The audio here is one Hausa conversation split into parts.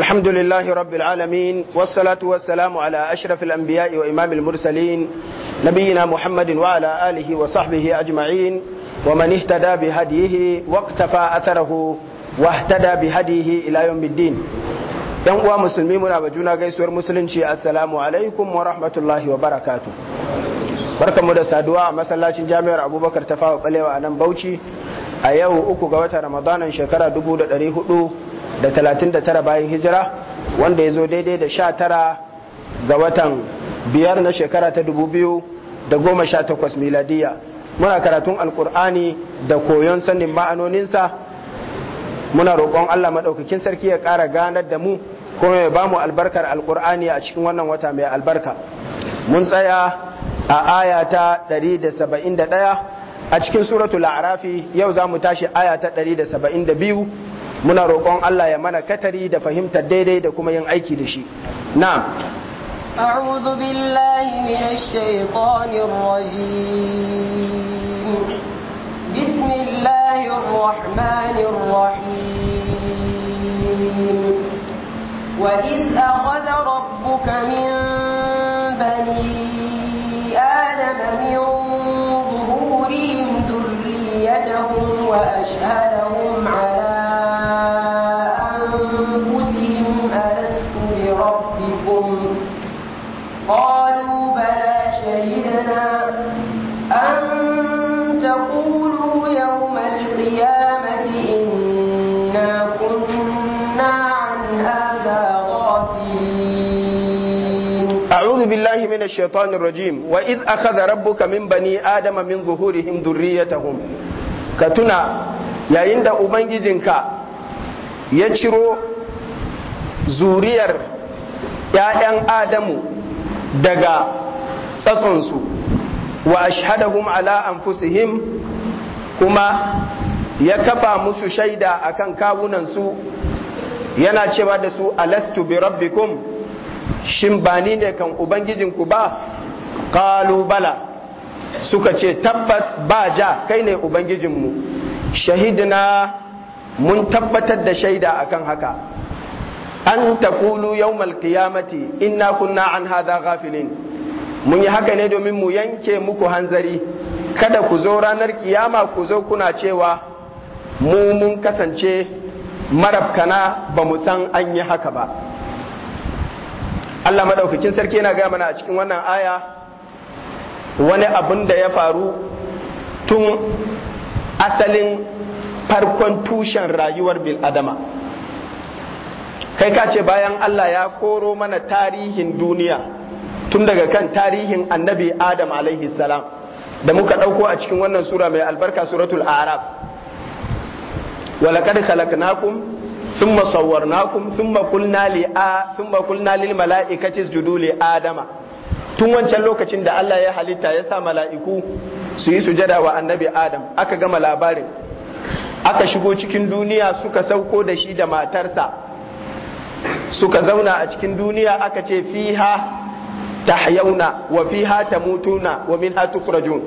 الحمد لله رب العالمين والصلاة والسلام على أشرف الأنبياء وإمام المرسلين نبينا محمد وعلى آله وصحبه أجمعين ومن اهتدى بهديه واقتفى أثره واهتدى بهديه إلى يوم الدين yan uwa musulmi muna ba juna gaisuwar musulunci assalamu alaikum wa rahmatullahi wa barakatu barkamu da saduwa a masallacin jami'ar abubakar ta fawa balewa a nan bauchi a yau uku ga watan ramadanan shekara 1400 da talatin da tara bayan hijira wanda ya zo daidai da sha ga watan biyar na shekara ta dubu goma sha takwas miladiya muna karatun alkur'ani da koyon sanin ma'anoninsa muna roƙon allah maɗaukakin sarki ya ƙara ganar da mu kuma ya bamu albarkar alkur'ani a cikin wannan wata mai albarka mun tsaya a aya ta 171 a cikin suratul arafi yau za mu tashi aya ta 172 muna roƙon Allah ya mana katari da fahimtar daidai da kuma yin aiki da shi na'am أعوذ بالله من الشيطان الرجيم بسم الله الرحمن الرحيم وإذ أخذ ربك من بني آدم من ظهورهم ذريتهم وأشهدهم على أن تقولوا يوم القيامة إنا كنا عن هذا غافلين أعوذ بالله من الشيطان الرجيم وإذ أخذ ربك من بني آدم من ظهورهم ذريتهم كتنا يا إند أبنجدنك يشرو زورير ‘ya'yan Adamu daga tsatsonsu wa ashhadahum ala anfusihim kuma ya kafa musu shaida akan kawunan su yana cewa da su alastu bi rabbikum shin ba ni ne kan ubangijinku ba qalu bala suka ce tabbas ba ja kai ne ubangijin mu shahidna mun tabbatar da shaida akan haka an taqulu yawmal qiyamati inna kunna an hadha ghafilin mun yi haka ne domin mu yanke muku hanzari kada ku zo ranar kiyama ku zo kuna cewa mu mun kasance marabkana ba mu san an yi haka ba Allah maɗaukacin sarki yana gaya mana a cikin wannan aya wani abin da ya faru tun asalin farkon tushen rayuwar bil'adama kai ka ce bayan Allah ya koro mana tarihin duniya tun daga kan tarihin annabi adam alaihi salam da muka ɗauko a cikin wannan sura mai albarka suratul araf walaqad khalaqnakum thumma sawwarnakum thumma qulna li a thumma qulna lil mala'ikati isjudu li adama tun wancan lokacin da Allah ya halitta ya sa mala'iku su yi sujada wa annabi adam aka gama labarin aka shigo cikin duniya suka sauko da shi da matarsa suka zauna a cikin duniya aka ce fiha tahyauna wa fiha tamutuna wa minha tukhrajun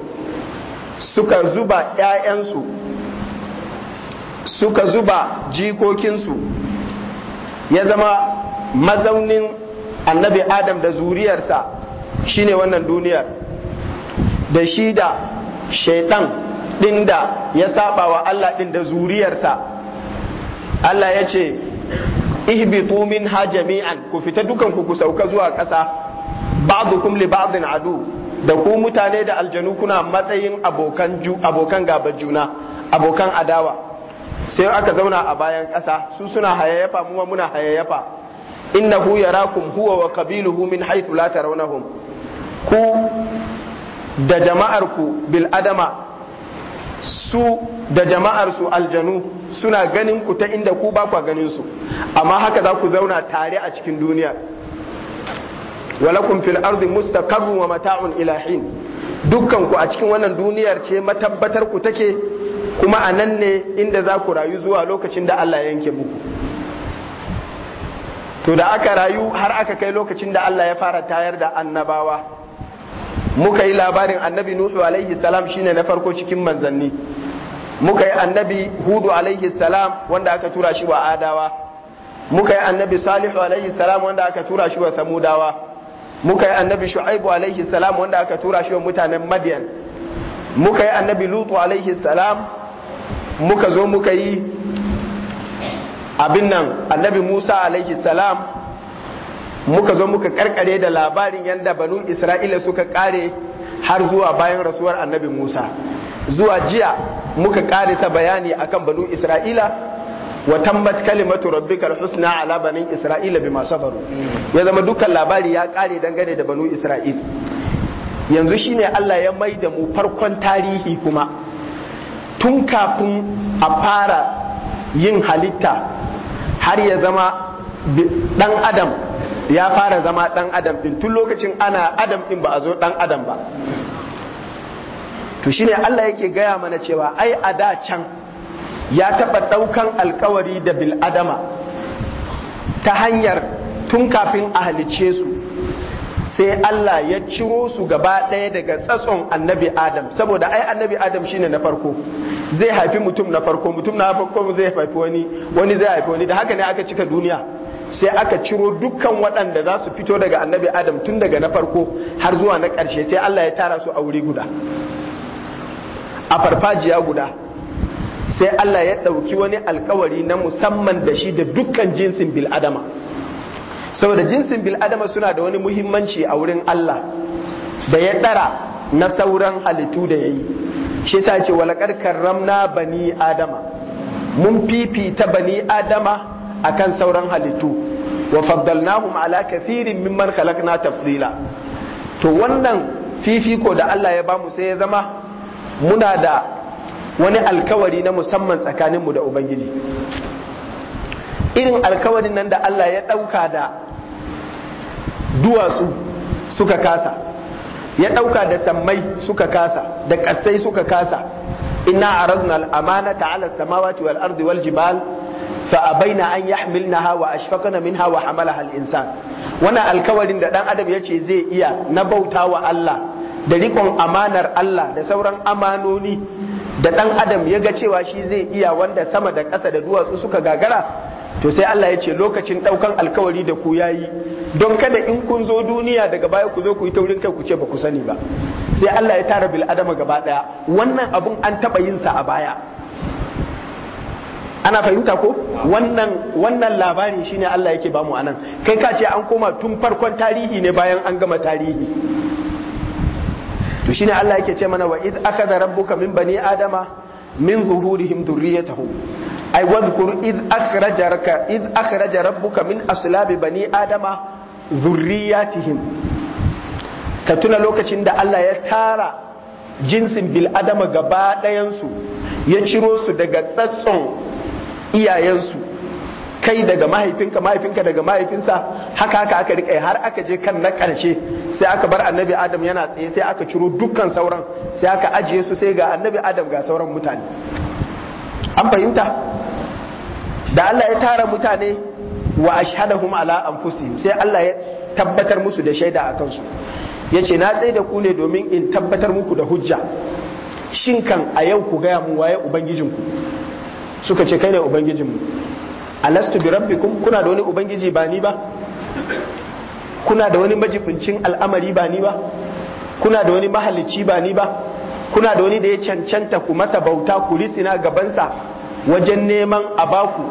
suka zuba ƴaƴansu suka zuba jikokinsu ya zama mazaunin annabi adam da zuriyarsa shine wannan duniyar da shi da shaitan ɗin da ya saba wa Allah ɗin da zuriyarsa Allah ya ce ihbitu min ha jami'an ku fita dukanku ku sauka zuwa ƙasa ba'dukum li ba'din adu da ku mutane da aljanu kuna matsayin abokan ju abokan gaba juna abokan adawa sai aka zauna a bayan ƙasa su suna hayayyafa mu muna hayayyafa innahu yarakum huwa wa qabiluhu min haythu la tarawnahum ku da jama'ar ku bil adama su da jama'ar su aljanu suna ganin ku ta inda ku ba ku ganin su amma haka za ku zauna tare a cikin duniya walakum fil ardi mustaqarrun wa mata'un ila hin dukkan ku a cikin wannan duniyar ce matabbatar ku take kuma a nan ne inda za ku rayu zuwa lokacin da Allah ya yanke muku to da aka rayu har aka kai lokacin da Allah ya fara tayar da annabawa muka yi labarin annabi Nuhu alaihi salam shine na farko cikin manzanni muka yi annabi Hudu alaihi salam wanda aka tura shi wa Adawa muka yi annabi Salihu alaihi salam wanda aka tura shi wa Samudawa muka yi annabi shu'aibu alaihi salam wanda aka tura shi wa mutanen madian muka yi annabi lutu alaihi salam muka zo muka yi abin nan annabi musa alaihi salam muka zo muka karkare da labarin yadda banu isra'ila suka kare har zuwa bayan rasuwar annabi musa zuwa jiya muka karisa bayani akan banu isra'ila wa tambat kalimatu rabbikal husna ala bani isra'ila bima sabaru ya zama dukan labari ya kare dangane da banu isra'il yanzu shine Allah ya mai da mu farkon tarihi kuma tun kafin a fara yin halitta har ya zama dan adam ya fara zama dan adam din tun lokacin ana adam din ba a zo dan adam ba to shine Allah yake gaya mana cewa ai a da can ya taɓa ɗaukan alkawari da bil'adama ta hanyar tun kafin a halicce su sai Allah ya ciro su gaba ɗaya daga tsatson annabi Adam saboda ai annabi Adam shine na farko zai haifi mutum na farko mutum na farko zai haifi wani wani zai haifi wani da haka ne aka cika duniya sai aka ciro dukkan waɗanda za su fito daga annabi Adam tun daga na farko har zuwa na ƙarshe sai Allah ya tara su a wuri guda a farfajiya guda sai Allah ya ɗauki wani alkawari na musamman da shi da dukkan jinsin bil'adama saboda jinsin bil'adama suna da wani muhimmanci a wurin Allah da ya ɗara na sauran halittu da ya yi shi ta ce walakar karramna bani adama mun fifita bani adama a kan sauran halittu wa faddalnahum ala kathirin mimman khalaqna tafdila to wannan fifiko da Allah ya bamu sai ya zama muna da wani alkawari na musamman tsakaninmu da ubangiji irin alkawarin nan da Allah ya ɗauka da duwatsu suka kasa ya ɗauka da sammai suka kasa da ƙasai suka kasa Ina a aradna al ta ala samawati wal ardi wal jibal fa a baina an a shafaka na minha wa hamala al-insan Wani alkawarin da ɗan adam ya ce zai iya na bauta wa Allah da rikon amanar Allah da sauran amanoni da ɗan adam ya ga cewa shi zai iya wanda sama da ƙasa da duwatsu suka gagara to sai Allah ya ce lokacin ɗaukan alkawari da ku yayi don kada in kun zo duniya daga baya ku zo ku yi taurin kai ku ce ba ku sani ba sai Allah ya tara bil adama gaba ɗaya wannan abun an taɓa yin sa a baya ana fahimta ko wannan wannan labari shine Allah yake bamu anan kai ka ce an koma tun farkon tarihi ne bayan an gama tarihi to shine Allah yake ce mana wa id akhadha rabbuka min bani adama min zuhurihim dhurriyyatahum ay wadhkur id akhrajaraka id akhraja rabbuka min aslabi bani adama dhurriyyatihim ka tuna lokacin da Allah ya tara jinsin bil adama gaba ɗayansu ya ciro su daga tsatson iyayensu kai daga mahaifinka mahaifinka daga mahaifinsa haka haka aka rika har aka je kan na karshe sai aka bar annabi adam yana tsaye sai aka ciro dukkan sauran sai aka ajiye su sai ga annabi adam ga sauran mutane an fahimta da Allah ya tara mutane wa ashhadahum ala anfusihim sai Allah ya tabbatar musu da shaida a kansu yace na tsaye da ku ne domin in tabbatar muku da hujja shin kan a yau ku gaya mu waye ubangijinku suka ce kai ne ubangijinmu alastu bi rabbikum kuna da wani ubangiji ba ni ba kuna da wani majibincin al'amari ba ni ba kuna da wani mahalicci ba ni ba kuna da wani da ya cancanta ku masa bauta ku ritsina gabansa wajen neman a baku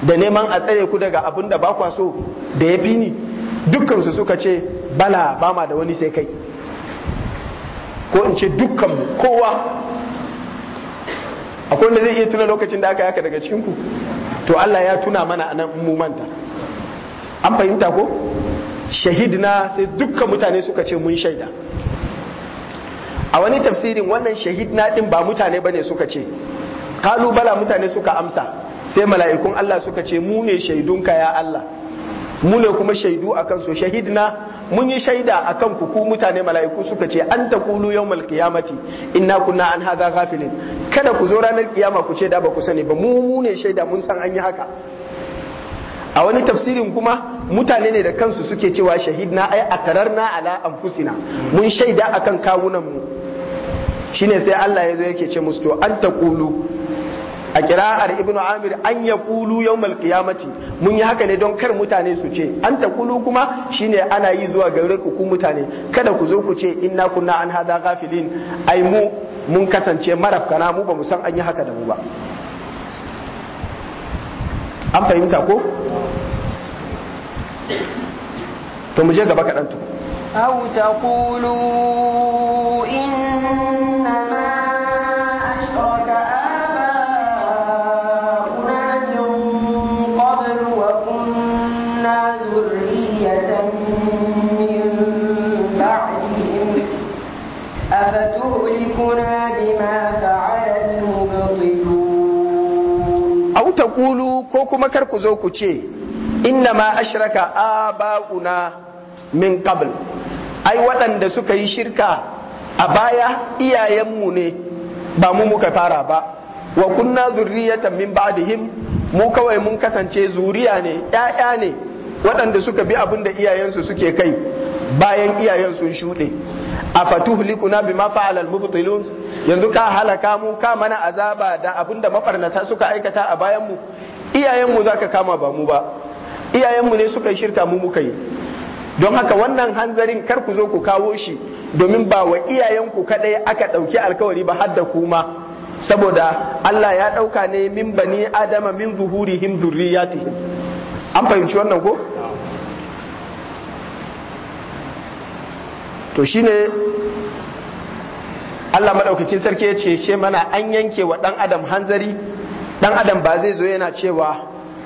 da neman a tsare ku daga abin da ba so da ya bi ni dukkansu suka ce bala ba ma da wani sai kai ko in ce dukkan kowa akwai wanda zai iya tuna lokacin da aka yaka daga cikinku to Allah ya tuna mana a nan mu manta an fahimta ko shahidina sai dukkan mutane suka ce mun shaida a wani tafsirin wannan shahidna din ba mutane bane suka ce kalu mutane suka amsa sai mala'ikun Allah suka ce mu ne shaidunka ya Allah mu ne kuma shaidu akan so shahidina. mun yi shaida akan ku ku mutane mala'iku suka ce an kulu yawmal In inna kunna an haza gafilin kada ku zo ranar kiyama ku ce da ba ku sani ba mu mu ne shaida mun san an yi haka a wani tafsirin kuma mutane ne da kansu suke cewa shahid shahidna ai na ala anfusina mun shaida akan kawunan mu shine sai Allah ya zo yake ce musu to an kulu a kira'ar ibn amir an ya kulu yau malkiyamati mun yi haka ne don kar mutane su ce an ta kulu kuma shine ana yi zuwa gare ku mutane kada ku zo ku ce inna kunna an hada ghafilin ai mu mun kasance marafkana mu ba mu san an yi haka da mu ba an fahimta ko to mu je gaba kaɗan tu. ta kulu kuma kar ku zo ku ce inna ma ashraka aba'una min qabl ai waɗanda suka yi shirka a baya iyayenmu ne ba mu muka fara ba wa kunna zurriyatan min ba'dihim mu kawai mun kasance zuriya ne ƴaƴa ne waɗanda suka bi abin da iyayensu suke kai bayan iyayen sun shuɗe a fatuhlikuna bima fa'ala yanzu ka halaka mu ka mana azaba da abin da mafarnata suka aikata a bayan mu iyayenmu za ka kama ba mu ba iyayenmu ne suka yi shirka mu muka yi don haka wannan hanzarin kar ku zo ku kawo shi domin ba wa iyayenku kadai aka ɗauki alkawari ba har da kuma saboda Allah ya ɗauka ne min bani adama min zuhurihim zurriyati an fahimci wannan ko to shine Allah madaukakin sarki ya ce mana an yanke wa ɗan adam hanzari dan adam ba zai zo yana cewa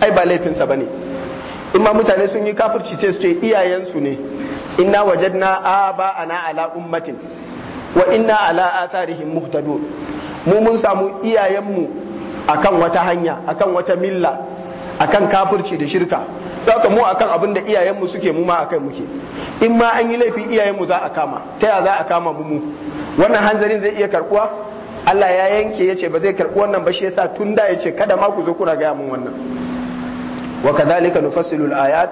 ai ba laifinsa bane in ma mutane sun yi kafirci sai su ce iyayensu ne inna wajadna aba ana ala ummatin wa inna ala tarihin muhtadu mu mun samu iyayenmu akan wata hanya akan wata milla akan kafirci da shirka haka mu akan abin da iyayenmu suke mu ma akai muke in ma an yi laifi iyayenmu za a kama ta ya za a kama mu mu wannan hanzarin zai iya karkuwa. Allah ya yanke ya ce ba zai karɓi wannan ba shi yasa tun da ce kada ma ku zo kuna ga mun wannan wa kadhalika nufassilu al-ayat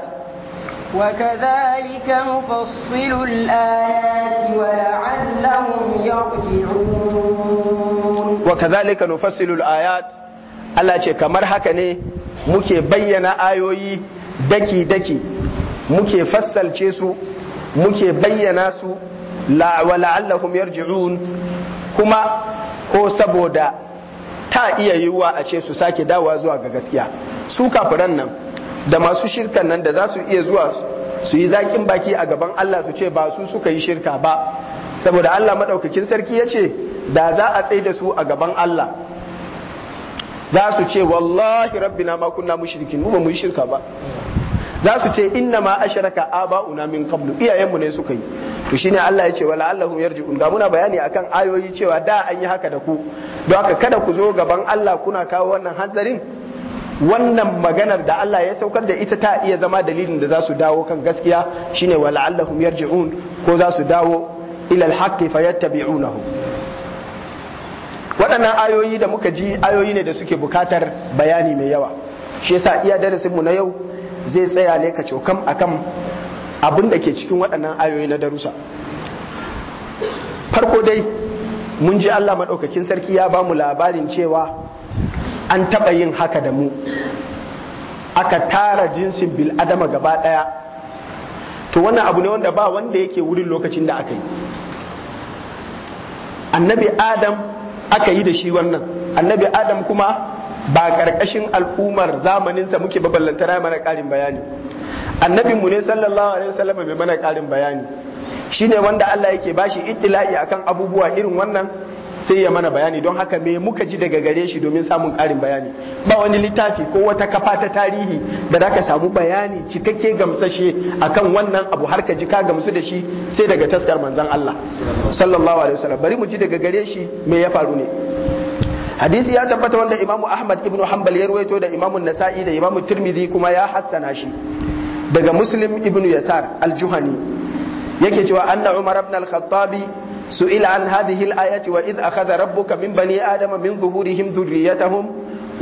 wa kadhalika nufassilu al-ayat wa la'allahum yarji'un wa kadhalika nufassilu al-ayat Allah ce kamar haka ne muke bayyana ayoyi daki daki muke fassalce su muke bayyana su la wa la'allahum yarji'un kuma ko saboda ta iya yiwuwa a ce su sake dawa zuwa ga gaskiya su kafiran nan da masu shirkan nan da za su iya zuwa su yi zaƙin baki a gaban Allah su ce ba su suka yi shirka ba saboda Allah maɗaukakin sarki ya ce da za a tsaye da su a gaban Allah za su ce wallahi rabbina ma kunna mushrikin mu ba mu yi shirka ba za su ce inna ma asharaka bauna min kablu iyayenmu ne suka yi to shine Allah ya ce wala allahum yarji'un da muna bayani akan ayoyi cewa da an yi haka da ku don haka kada ku zo gaban Allah kuna kawo wannan hanzarin wannan maganar da Allah ya saukar da ita ta iya zama dalilin da za su dawo kan gaskiya shine wala allahum yarji'un ko za su dawo fayyatta alhaqqi fayattabi'unahu waɗannan ayoyi da muka ji ayoyi ne da suke bukatar bayani mai yawa shi yasa iya darasinmu na yau zai tsaya ne ka cokam a kan abin da ke cikin waɗannan ayoyi na darusa farko dai mun ji Allah maɗaukakin sarki ya ba mu labarin cewa an taɓa yin haka da mu aka tara jinsin bil'adama gaba ɗaya to wannan abu ne wanda ba wanda yake wurin lokacin da aka yi annabi adam aka yi da shi wannan annabi adam kuma ba ƙarƙashin al'ummar zamaninsa muke baballantana mana ƙarin bayani annabinmu ne sallallahu alaihi wasallam bai mana ƙarin bayani shine wanda Allah yake bashi ittila'i akan abubuwa irin wannan sai ya mana bayani don haka me muka ji daga gare shi domin samun ƙarin bayani ba wani littafi ko wata kafa ta tarihi da za samu bayani cikakke gamsashe akan wannan abu har ka ji ka gamsu da shi sai daga taskar manzon Allah sallallahu alaihi wasallam bari mu ji daga gare shi me ya faru ne hadisi ya tabbata wanda imamu ahmad ibn hanbal ya da imamu nasa'i da imamu tirmidhi kuma ya hassana shi daga muslim ibn yasar aljuhani. yake cewa anna umar ibn al-khattabi su'ila an hadhihi al wa id akhadha rabbuka min bani adama min zuhurihim dhurriyyatahum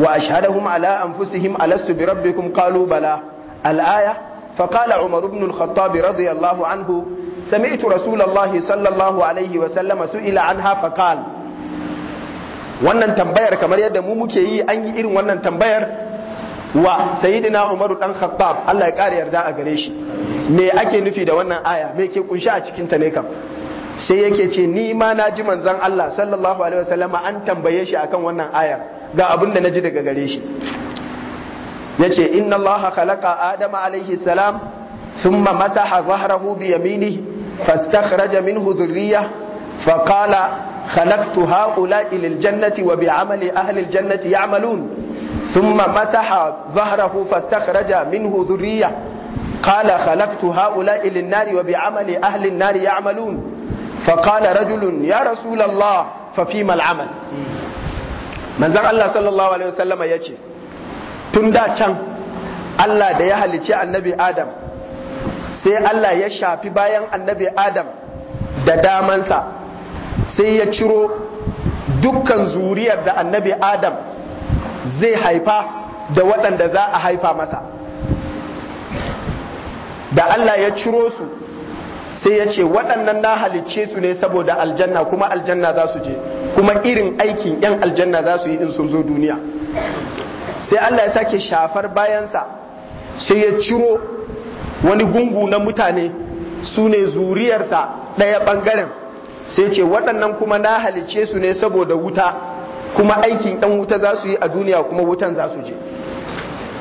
wa ashhadahum ala anfusihim alastu bi rabbikum qalu bala al-aya فقال عمر بن anhu رضي الله عنه سمعت رسول الله صلى الله عليه وسلم سئل عنها فقال wannan tambayar kamar yadda mu muke yi an yi irin wannan tambayar wa sayyidina umaru dan khattab Allah ya kare yarda a gare shi me ake nufi da wannan aya me ke kunshi a cikin ta ne kam sai yake ce ni ma na ji manzon Allah sallallahu alaihi wasallam an tambaye shi akan wannan aya. ga abin da naji daga gare shi yace inna Allah khalaqa adama alaihi salam thumma masaha zahrahu bi yaminihi fastakhraja minhu dhurriyyah فقال khalaqtu ha'ula'i lil jannati wa bi'amali ahli al jannati ya'malun thumma masaha dhahrahu fastakhraja minhu dhurriyya qala khalaqtu ha'ula'i lin nari فقال رجل يا رسول الله ففيما العمل manzon Allah sallallahu alaihi wasallama ya ce tun da can Allah da ya halicci annabi Adam sai Allah ya shafi bayan annabi Adam da damansa sai ya ciro dukkan zuriyar da annabi adam zai haifa da waɗanda za a haifa masa da Allah ya ciro su sai ya ce waɗannan na halicce su ne saboda aljanna kuma aljanna za su je kuma irin aikin 'yan aljanna za su yi in sun zo duniya sai Allah ya sake shafar bayansa sai ya ciro wani gungu na mutane su ne zuriyarsa ɗaya ɓangaren sai ce waɗannan kuma na halicce su ne saboda wuta kuma aikin ɗan wuta za su yi a duniya kuma wutan za su je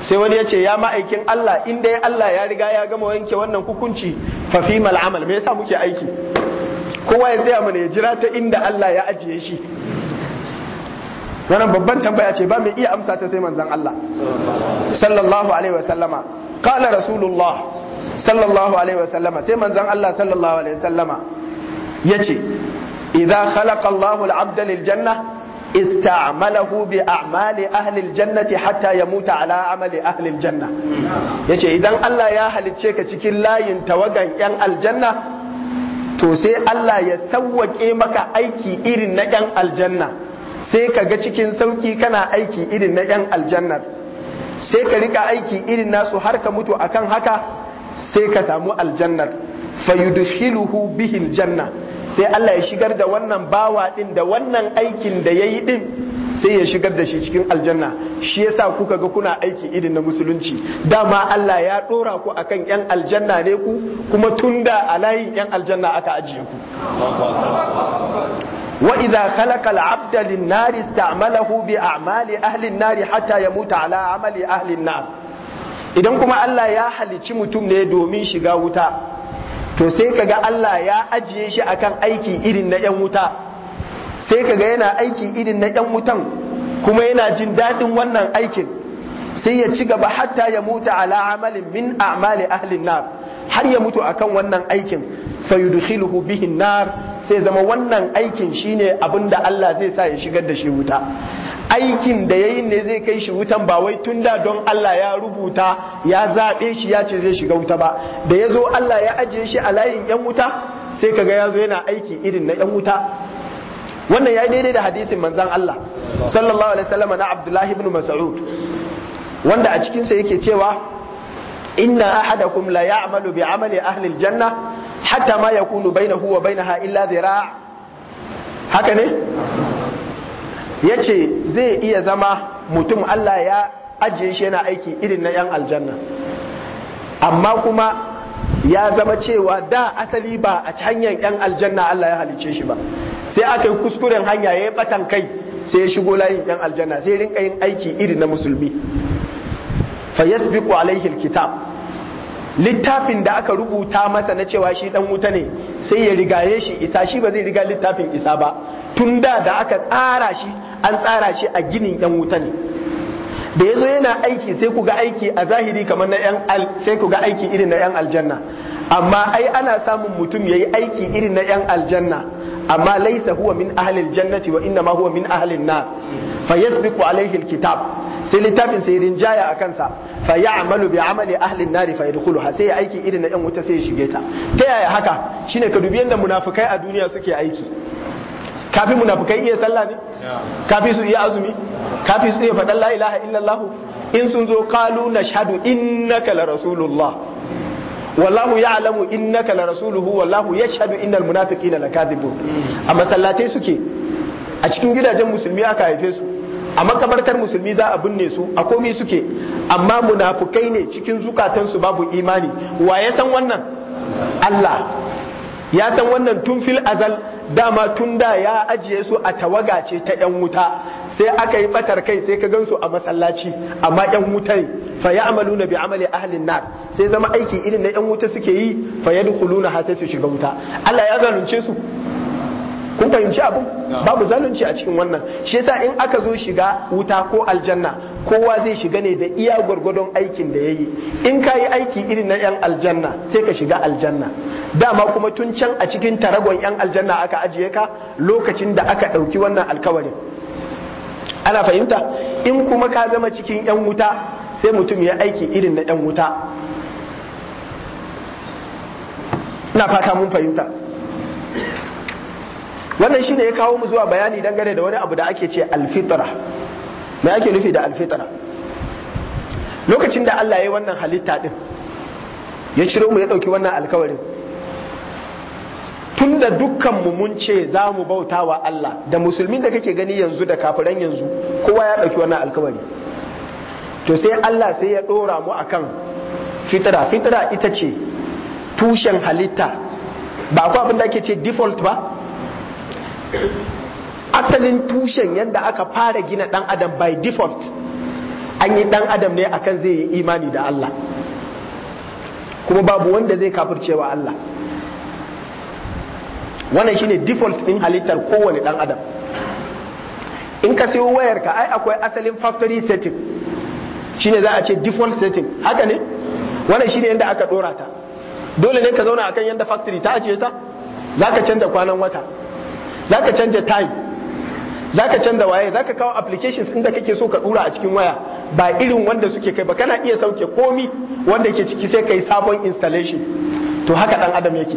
sai wani ya ce ya ma'aikin Allah inda ya Allah ya riga ya gama wanke wannan hukunci fafimal fi mal'amal me yasa muke aiki kowa ya tsaya mana ya jira ta inda Allah ya ajiye shi wannan babban tambaya ce ba mai iya amsa ta sai manzon Allah sallallahu alaihi wa sallama rasulullah sallallahu alaihi wa sallama sai manzon Allah sallallahu alaihi wa sallama yace Idan khalaƙa Allah al-'abda lil janna ista'malahu bi a'mali ahli al-jannati hatta yamuta ala amali ahli janna yace idan Allah ya halicce ka cikin layin tawagan yan aljanna to sai Allah ya sawwake maka aiki irin na yan aljanna sai ka ga cikin sauki kana aiki irin na yan aljannar sai ka rika aiki irin nasu har ka mutu akan haka sai ka samu aljannar fayudkhiluhu bihin janna. sai Allah ya shigar da wannan bawa din da wannan aikin da ya yi din sai ya shigar da shi cikin aljanna shi yasa kuka ga kuna aiki irin na musulunci dama Allah ya ɗora ku akan yan aljanna ne ku kuma tunda a layin yan aljanna aka ajiye ku wa idza khalaqa al-abda lin-nar ista'malahu bi a'mali ahli an-nar hatta yamuta ala amali ahli an-nar idan kuma Allah ya halicci mutum ne domin shiga wuta to sai kaga Allah ya ajiye shi akan aiki irin na 'yan wuta sai kaga yana aiki irin na 'yan wutan kuma yana jin daɗin wannan aikin sai ya ci gaba hatta ya mutu ala amalin min a'mali ahlin nar har ya mutu akan wannan aikin fayudkhiluhu bihin nar sai zama wannan aikin shine abin da Allah zai sa ya shigar da shi wuta aikin da yi ne zai kai shi wutan ba wai tun da don Allah ya rubuta ya zaɓe shi ya ce zai shiga wuta ba da ya zo Allah ya ajiye shi a layin yan wuta sai kaga ya zo yana aiki irin na yan wuta wannan ya yi daidai da hadisin manzan Allah sallallahu alaihi wasallam na Abdullahi ibn Mas'ud wanda a cikinsa yake cewa inna ahadakum la ya'malu bi amali ahli aljanna hatta ma yakunu bainahu wa bainaha illa dhira' haka ne ya ce zai iya zama mutum Allah ya ajiye shi yana aiki irin na 'yan aljanna amma kuma ya zama cewa da asali ba a hanyar 'yan aljanna Allah ya halice shi ba sai aka yi kuskuren hanya ya yi batan kai sai ya shigo layin 'yan aljanna sai rinka yin aiki irin na musulmi fa yasbiqu alaihi kitab littafin da aka rubuta masa na cewa shi dan wuta ne sai ya rigaye shi isa shi ba zai riga littafin isa ba tun da da aka tsara shi an tsara shi a ginin yan wuta ne da ya zo yana aiki sai ku ga aiki a zahiri kamar na yan al sai ku ga aiki irin na yan aljanna amma ai ana samun mutum yayi aiki irin na yan aljanna amma laisa huwa min ahli aljannati wa inna ma huwa min ahli an-nar fa yasbiqu alayhi alkitab sai littafin sai rinjaya a kansa fa ya'malu bi amali ahli an-nar fa yadkhuluha sai aiki irin na yan wuta sai ya shige ta ta yaya haka shine ka dubi yanda munafikai a duniya suke aiki kafi munafikai iya sallah ne kafi su iya azumi kafi su iya faɗan la ilaha illallah in sun zo kalu nashhadu innaka la rasulullah wallahu ya'lamu innaka la rasuluhu wallahu yashhadu innal munafiqina lakadhibun a masallatai suke a cikin gidajen musulmi aka haife su a makabartar musulmi za a binne su a komai suke amma munafukai ne cikin zukatansu babu imani wa ya san wannan Allah ya san wannan tun fil azal dama tun da ya ajiye su a tawaga ce ta yan wuta sai aka yi batar kai sai ka gansu a masallaci amma yan wuta ne fa na bi amali ahalin nar sai zama aiki irin na yan wuta suke yi fa yadkhuluna ha sai su shiga wuta Allah ya zalunce su kun fahimci abu? babu zalunci a cikin wannan shi yasa in aka zo shiga wuta ko aljanna kowa zai shiga ne da iya gwargwadon aikin da yayi in kayi aiki irin na yan aljanna sai ka shiga aljanna dama kuma tun can a cikin taragon yan aljanna aka ajiye ka lokacin da aka ɗauki wannan alkawarin ana fahimta in kuma ka zama cikin yan wuta sai mutum ya aiki irin na yan wuta ina fata mun fahimta wannan shine ya kawo mu zuwa bayani dangane da wani abu da ake ce alfitra me ake nufi da alfitra lokacin da Allah ya yi wannan halitta din ya ciro mu ya dauki wannan alkawarin tunda dukkan mu mun ce za mu bauta wa Allah da musulmin da kake gani yanzu da kafiran yanzu kowa ya dauki wannan alkawari to sai Allah sai ya dora mu akan fitra fitra ita ce tushen halitta ba akwai abin da ake ce default ba asalin tushen yadda aka fara gina dan adam by default an yi dan adam ne akan zai yi imani da Allah kuma babu wanda zai kafircewa Allah wannan shine default din halittar kowane dan adam in ka sayo wayar ka ai akwai asalin factory setting shine za a ce default setting haka ne wannan shine yadda aka dora ta dole ne ka zauna akan yadda factory ta ajiye ta zaka canza kwanan wata za ka canja time za ka canja waye za ka kawo applications inda kake so ka dura a cikin waya ba irin wanda suke kai ba kana iya sauke komi wanda ke ciki sai kai sabon installation to haka dan adam yake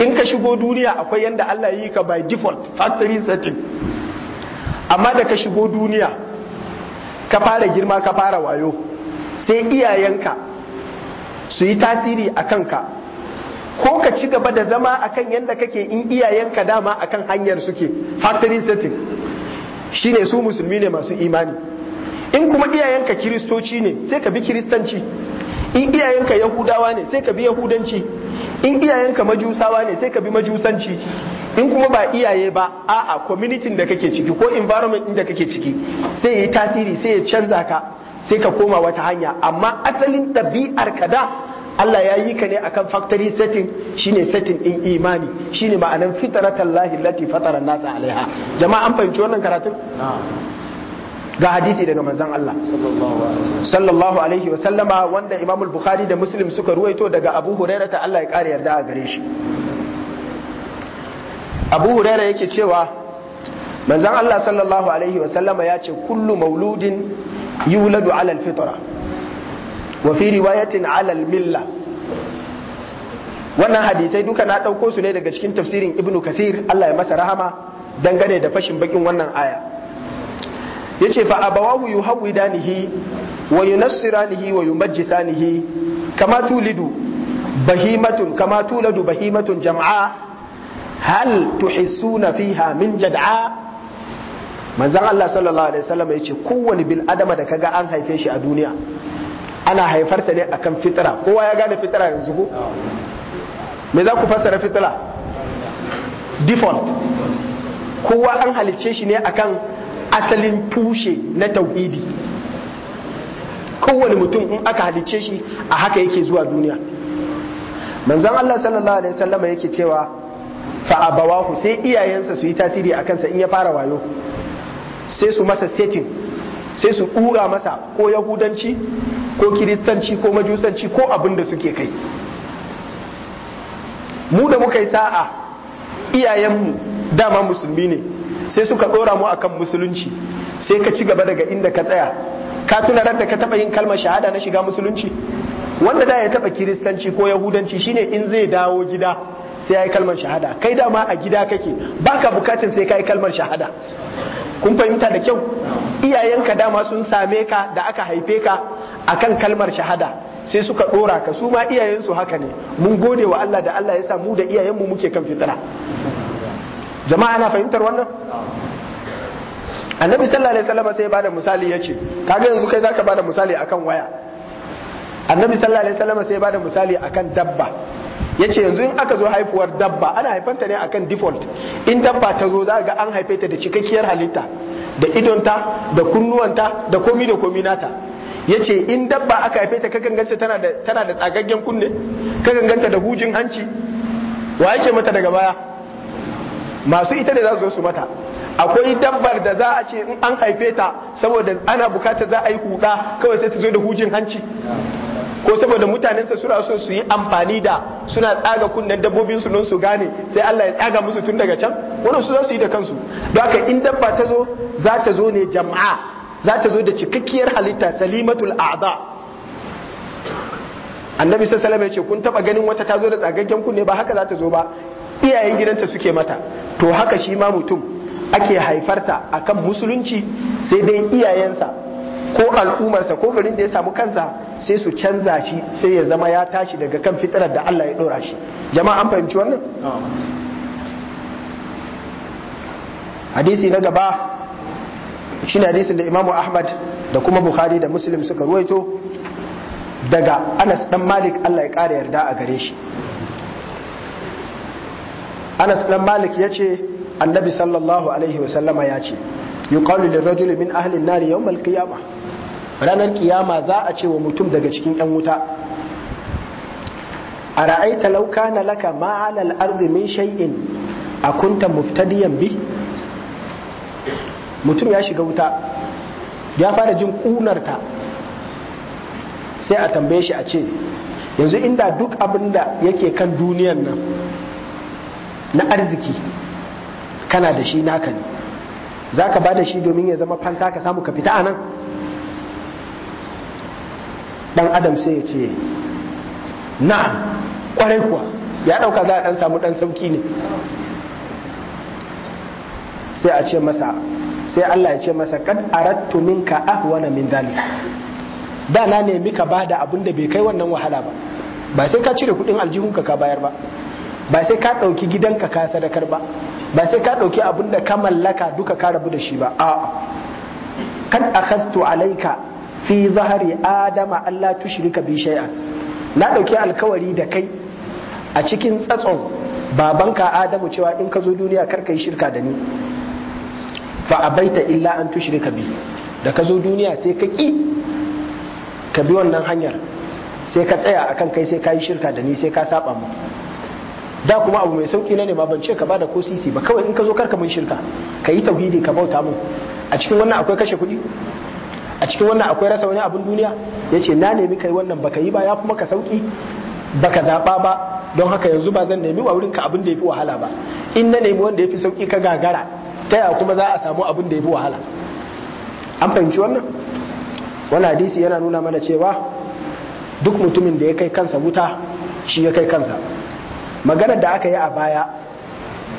in ka shigo duniya akwai yanda Allah yi ka by default factory setting amma da ka shigo duniya ka fara girma ka fara wayo sai iyayenka su yi tasiri a kanka ko ka ci gaba da zama akan yadda kake in iyayenka dama akan hanyar suke factory setting shine su musulmi ne masu imani in kuma iyayenka kiristoci ne sai ka bi kiristanci in iyayenka yahudawa ne sai ka bi yahudanci in iyayenka majusawa ne sai ka bi majusanci in kuma ba iyaye ba a'a community da kake ciki ko environment din da kake ciki sai yi tasiri sai ya canza ka sai ka koma wata hanya amma asalin ɗabi'ar ka da Allah ya yi ka ne akan factory setting shine setting din imani shine ma'anan lahi lati fatara nasa alaiha jama'a an fahimci wannan karatun ga hadisi daga manzon Allah sallallahu alaihi wa sallama wanda Imam Bukhari da Muslim suka ruwaito daga Abu Hurairah ta Allah ya kare yarda a gare shi Abu Hurairah yake cewa manzon Allah sallallahu alaihi wa sallama ya ce kullu mauludin yuladu ala alfitra wa fi riwayatin alal milla wannan hadisai duka na ɗauko su ne daga cikin tafsirin ibnu kathir Allah ya masa rahama dangane da fashin bakin wannan aya yace fa abawahu yuhawidanihi wa yunassiranihi wa yumajjisanihi kama tulidu bahimatun kama tuladu bahimatun jam'a hal tuhissuna fiha min jad'a manzon Allah sallallahu alaihi wasallam yace kowane bil adama da kaga an haife shi a duniya ana haifarsa ne akan fitara kowa ya gane fitira yanzu ko me za ku fassara fitara? default kowa an halicce shi ne akan asalin tushe na tauhidi kowane mutum in aka halicce shi a haka yake zuwa duniya manzon Allah sallallahu alaihi wasallam yake cewa fa abawahu sai iyayensa su yi tasiri akan sa in ya fara wayo sai su masa setting sai su ɗura masa ko yahudanci ko kiristanci ko majusanci ko abin da suke kai mu da muka yi sa'a iyayenmu dama musulmi ne sai suka ɗora mu akan musulunci sai ka ci gaba daga inda ka tsaya ka tuna da ka taɓa yin kalmar shahada na shiga musulunci wanda da ya taɓa kiristanci ko yahudanci shine in zai dawo gida sai ya yi kalmar shahada kai dama a gida kake baka bukatun sai ka yi kalmar shahada kun fahimta da kyau iyayenka dama sun same ka da aka haife ka akan kalmar shahada sai suka dora ka su ma iyayensu haka ne mun gode wa Allah da Allah ya sa mu da iyayenmu muke kan fitira jama'a na fahimtar wannan annabi sallallahu alaihi wasallam sai ya bada misali yace kaga yanzu kai zaka bada misali akan waya annabi sallallahu alaihi wasallam sai ya bada misali akan dabba yace yanzu in aka zo haifuwar dabba ana haifanta ne akan default in dabba ta zo za ga an haife ta da cikakkiyar halitta da idonta da kunnuwanta da komi da komi nata ya ce in dabba aka haife ta kakan ganta tana da tsagaggen kunne kakan ganta da hujin hanci wa yake mata daga baya masu ita da za su zo su mata akwai dabbar da za a ce in an haife ta saboda ana bukata za a yi kuɗa kawai sai ta zo da hujin hanci ko saboda mutanensa suna so su yi amfani da suna tsaga kunnen dabbobin su don su gane sai Allah ya tsaga musu tun daga can wannan su za su yi da kansu don haka in dabba ta zo za ta zo ne jama'a za ta zo da cikakkiyar halitta salimatul a'da annabi sallallahu alaihi ya ce kun taba ganin wata ta zo da tsagaggen kunne ba haka za ta zo ba iyayen gidanta suke mata to haka shi ma mutum ake haifarta kan musulunci sai dai iyayensa ko al'ummarsa ko garin da ya samu kansa sai su canza shi sai ya zama ya tashi daga kan fitarar da Allah ya ɗora shi jama'a an fahimci wannan hadisi na gaba shi shine hadisin da Imam Ahmad da kuma Bukhari da Muslim suka ruwaito daga Anas ɗan Malik Allah ya ƙara yarda a gare shi Anas ɗan Malik ya ce annabi sallallahu alaihi wasallama ya ce yuqalu lirrajuli min ahli an-nar yawm al ranar kiyama za a ce wa mutum daga cikin yan wuta a ra'aita law kana laka ma 'ala al-ardi min shay'in akunta muftadiyan bi mutum ya shiga wuta ya fara jin kunarta sai a tambaye shi a ce yanzu inda duk abin da yake kan duniyan nan na arziki kana da shi naka ne za ka ba da shi domin ya zama fansa ka samu ka fita a nan dan adam sai ya ce na kwarai kuwa ya ɗauka za a ɗan samu ɗan sauki ne sai a ce masa sai Allah ya ce masa kad arattu minka ahwana min dhalik da na nemi ka bada abin da bai kai wannan wahala ba ba sai ka cire kudin aljihunka ka bayar ba ba sai ka ɗauki gidanka ka sadakar ba ba sai ka ɗauki abin da ka mallaka duka ka rabu da shi ba a'a kan akhastu alaika fi zahari adama Allah tushrika bi shay'an na ɗauki alkawari da kai a cikin tsatson babanka Adamu cewa in ka zo duniya kar ka shirka da ni fa abaita illa an tushrika bi da ka zo duniya sai ka ki ka bi wannan hanyar sai ka tsaya akan kai sai ka yi shirka da ni sai ka saba mu da kuma abu mai sauki na ne ban ce ka bada ko sisi ba kawai in ka zo karka mun shirka ka yi tauhidi ka bauta mu a cikin wannan akwai kashe kuɗi a cikin wannan akwai rasa wani abun duniya ya ce na nemi kai wannan baka yi ba ya kuma ka sauki baka zaɓa ba don haka yanzu ba zan nemi wa ka abin da ya fi wahala ba in na nemi wanda ya fi sauki ka gagara ta yaya kuma za a samu abin da ya fi wahala an fahimci wannan wani hadisi yana nuna mana cewa duk mutumin da ya kai kansa wuta shi ya kai kansa maganar da aka yi a baya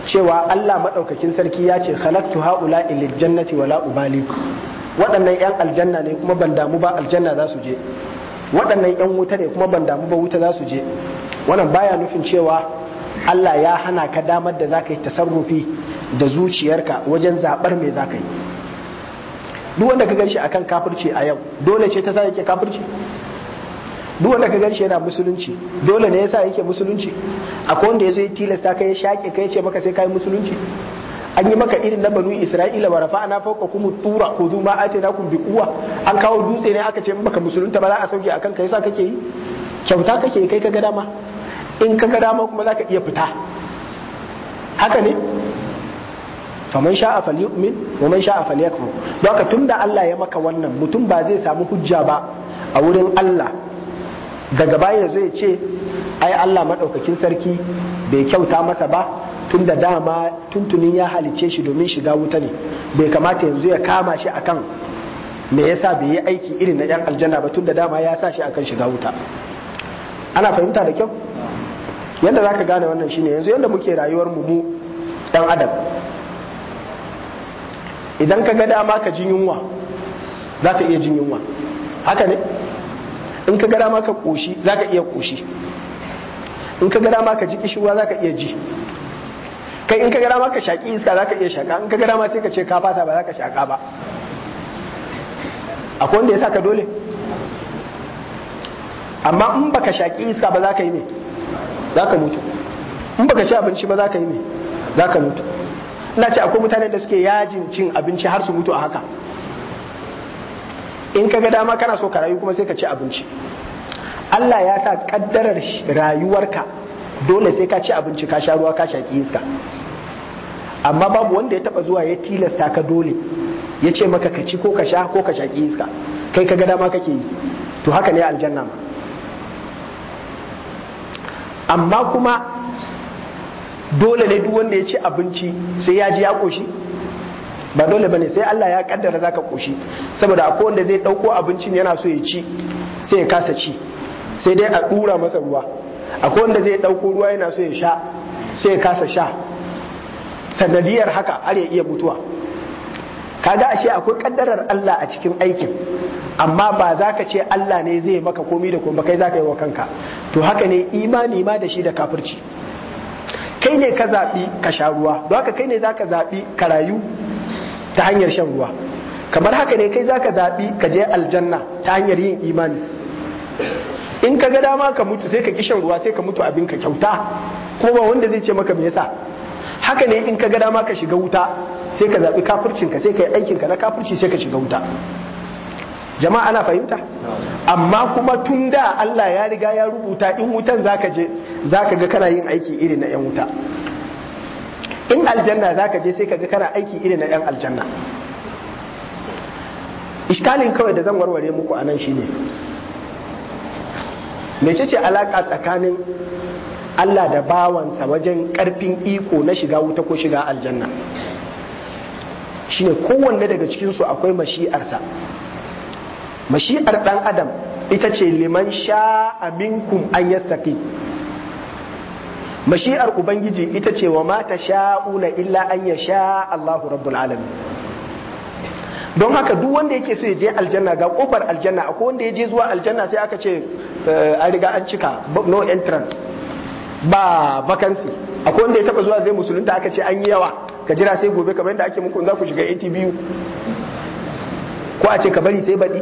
cewa Allah maɗaukakin sarki ya ce halaktu haula ilil jannati wala ubali waɗannan 'yan aljanna ne kuma ban damu ba aljanna za su je waɗannan 'yan wuta ne kuma ban damu ba wuta za su je wannan baya nufin cewa Allah ya hana ka damar da za ka yi tasarrufi da zuciyarka wajen zaɓar me za ka yi duk wanda ka shi akan kafirci a yau dole ce ta zaka kafirci duk wanda ka gan shi yana musulunci dole ne yasa yake musulunci akwai wanda ya zo ya tilasta ka ya shaƙe ka ya ce maka sai ka yi musulunci an yi maka irin na banu isra'ila wa ana fauka kuma tura khudu ma tana kun quwwa an kawo dutse ne aka ce maka musulunta ba za a sauke akan ka yasa kake yi kyauta kake kai ka ga dama in ka ga dama kuma ka iya fita haka ne faman sha'a falyu'min wa man sha'a falyakfur don haka tunda Allah ya maka wannan mutum ba zai samu hujja ba a wurin Allah daga baya zai ce ai Allah maɗaukakin sarki bai kyauta masa ba tun da dama tuntunin ya halice shi domin shiga wuta ne bai kamata yanzu ya kama shi akan me yasa bai yi aiki irin na yan aljanna ba tun da dama ya sa shi akan shiga wuta ana fahimta da kyau yadda zaka gane wannan shine yanzu yadda muke rayuwar mu mu dan adam idan ka ga dama ka jin yunwa za iya jin yunwa haka ne in ka gada maka koshi za ka iya koshi in ka gada maka ji kishirwa za ka iya ji kai in ka gada maka shaƙi iska za ka iya shaƙa in ka gada ma sai ka ce ka fasa ba za ka shaƙa ba akwai wanda ya sa ka dole amma in ba ka shaƙi iska ba za ka yi ne za ka mutu in ba ka ci abinci ba za ka yi ne za ka mutu ina ce akwai mutanen da suke yajin cin abinci har su mutu a haka in ka ga dama kana so ka rayu kuma sai ka ci abinci Allah ya sa kaddarar rayuwarka dole sai ka ci abinci ka sha ruwa ka shaki iska amma babu wanda ya taba zuwa ya tilasta ka dole ya ce maka ka ci ko ka sha ko ka shaki iska kai ka ga dama kake yi to haka ne aljanna ma amma kuma dole ne duk wanda ya ci abinci sai ya ji ya koshi ba dole bane sai Allah ya kaddara zaka koshi saboda akwai wanda zai dauko abincin yana so ya ci sai ya kasa ci sai dai a dura masa ruwa akwai wanda zai dauko ruwa yana so ya sha sai ya kasa sha sanadiyar haka har ya iya mutuwa kaga ashe akwai kaddarar Allah a cikin aikin amma ba za ka ce Allah ne zai maka komi da komai kai za ka yi wa kanka to haka ne imani ma da shi da kafirci kai ne ka zaɓi ka sha ruwa don haka kai ne za ka zaɓi ka rayu ta hanyar shan ruwa kamar haka ne kai zaka zaɓi ka je aljanna ta hanyar yin imani in ka ga dama ka mutu sai ka kishan ruwa sai ka mutu abin ka kyauta ko ba wanda zai ce maka me yasa haka ne in ka ga dama ka shiga wuta sai ka zaɓi kafircin ka sai ka yi aikin ka na kafirci sai ka shiga wuta jama'a ana fahimta amma kuma tun da Allah ya riga ya rubuta in wutan zaka je zaka ga kana yin aiki irin na yan wuta in aljanna za ka je sai ka kana aiki irin na 'yan aljanna iskalin kawai da zan warware muku a nan shine mecece alaƙa tsakanin Allah da bawansa wajen ƙarfin iko na shiga wuta ko shiga aljanna shine kowanne daga cikinsu akwai mashi'arsa mashi'ar ɗan adam ita ce liman sha minkum an yastaqi mashi'ar ubangiji ita ce wa mata sha'una illa an ya sha Allahu rabbul alamin don haka duk wanda yake so ya je aljanna ga kofar aljanna akwai wanda ya je zuwa aljanna sai aka ce eh, a riga an cika no entrance ba vacancy akwai wanda ya taba zuwa zai musulunta aka ce an yi yawa ka jira sai gobe kamar yadda ake muku za ku shiga biyu ko a ce ka bari sai baɗi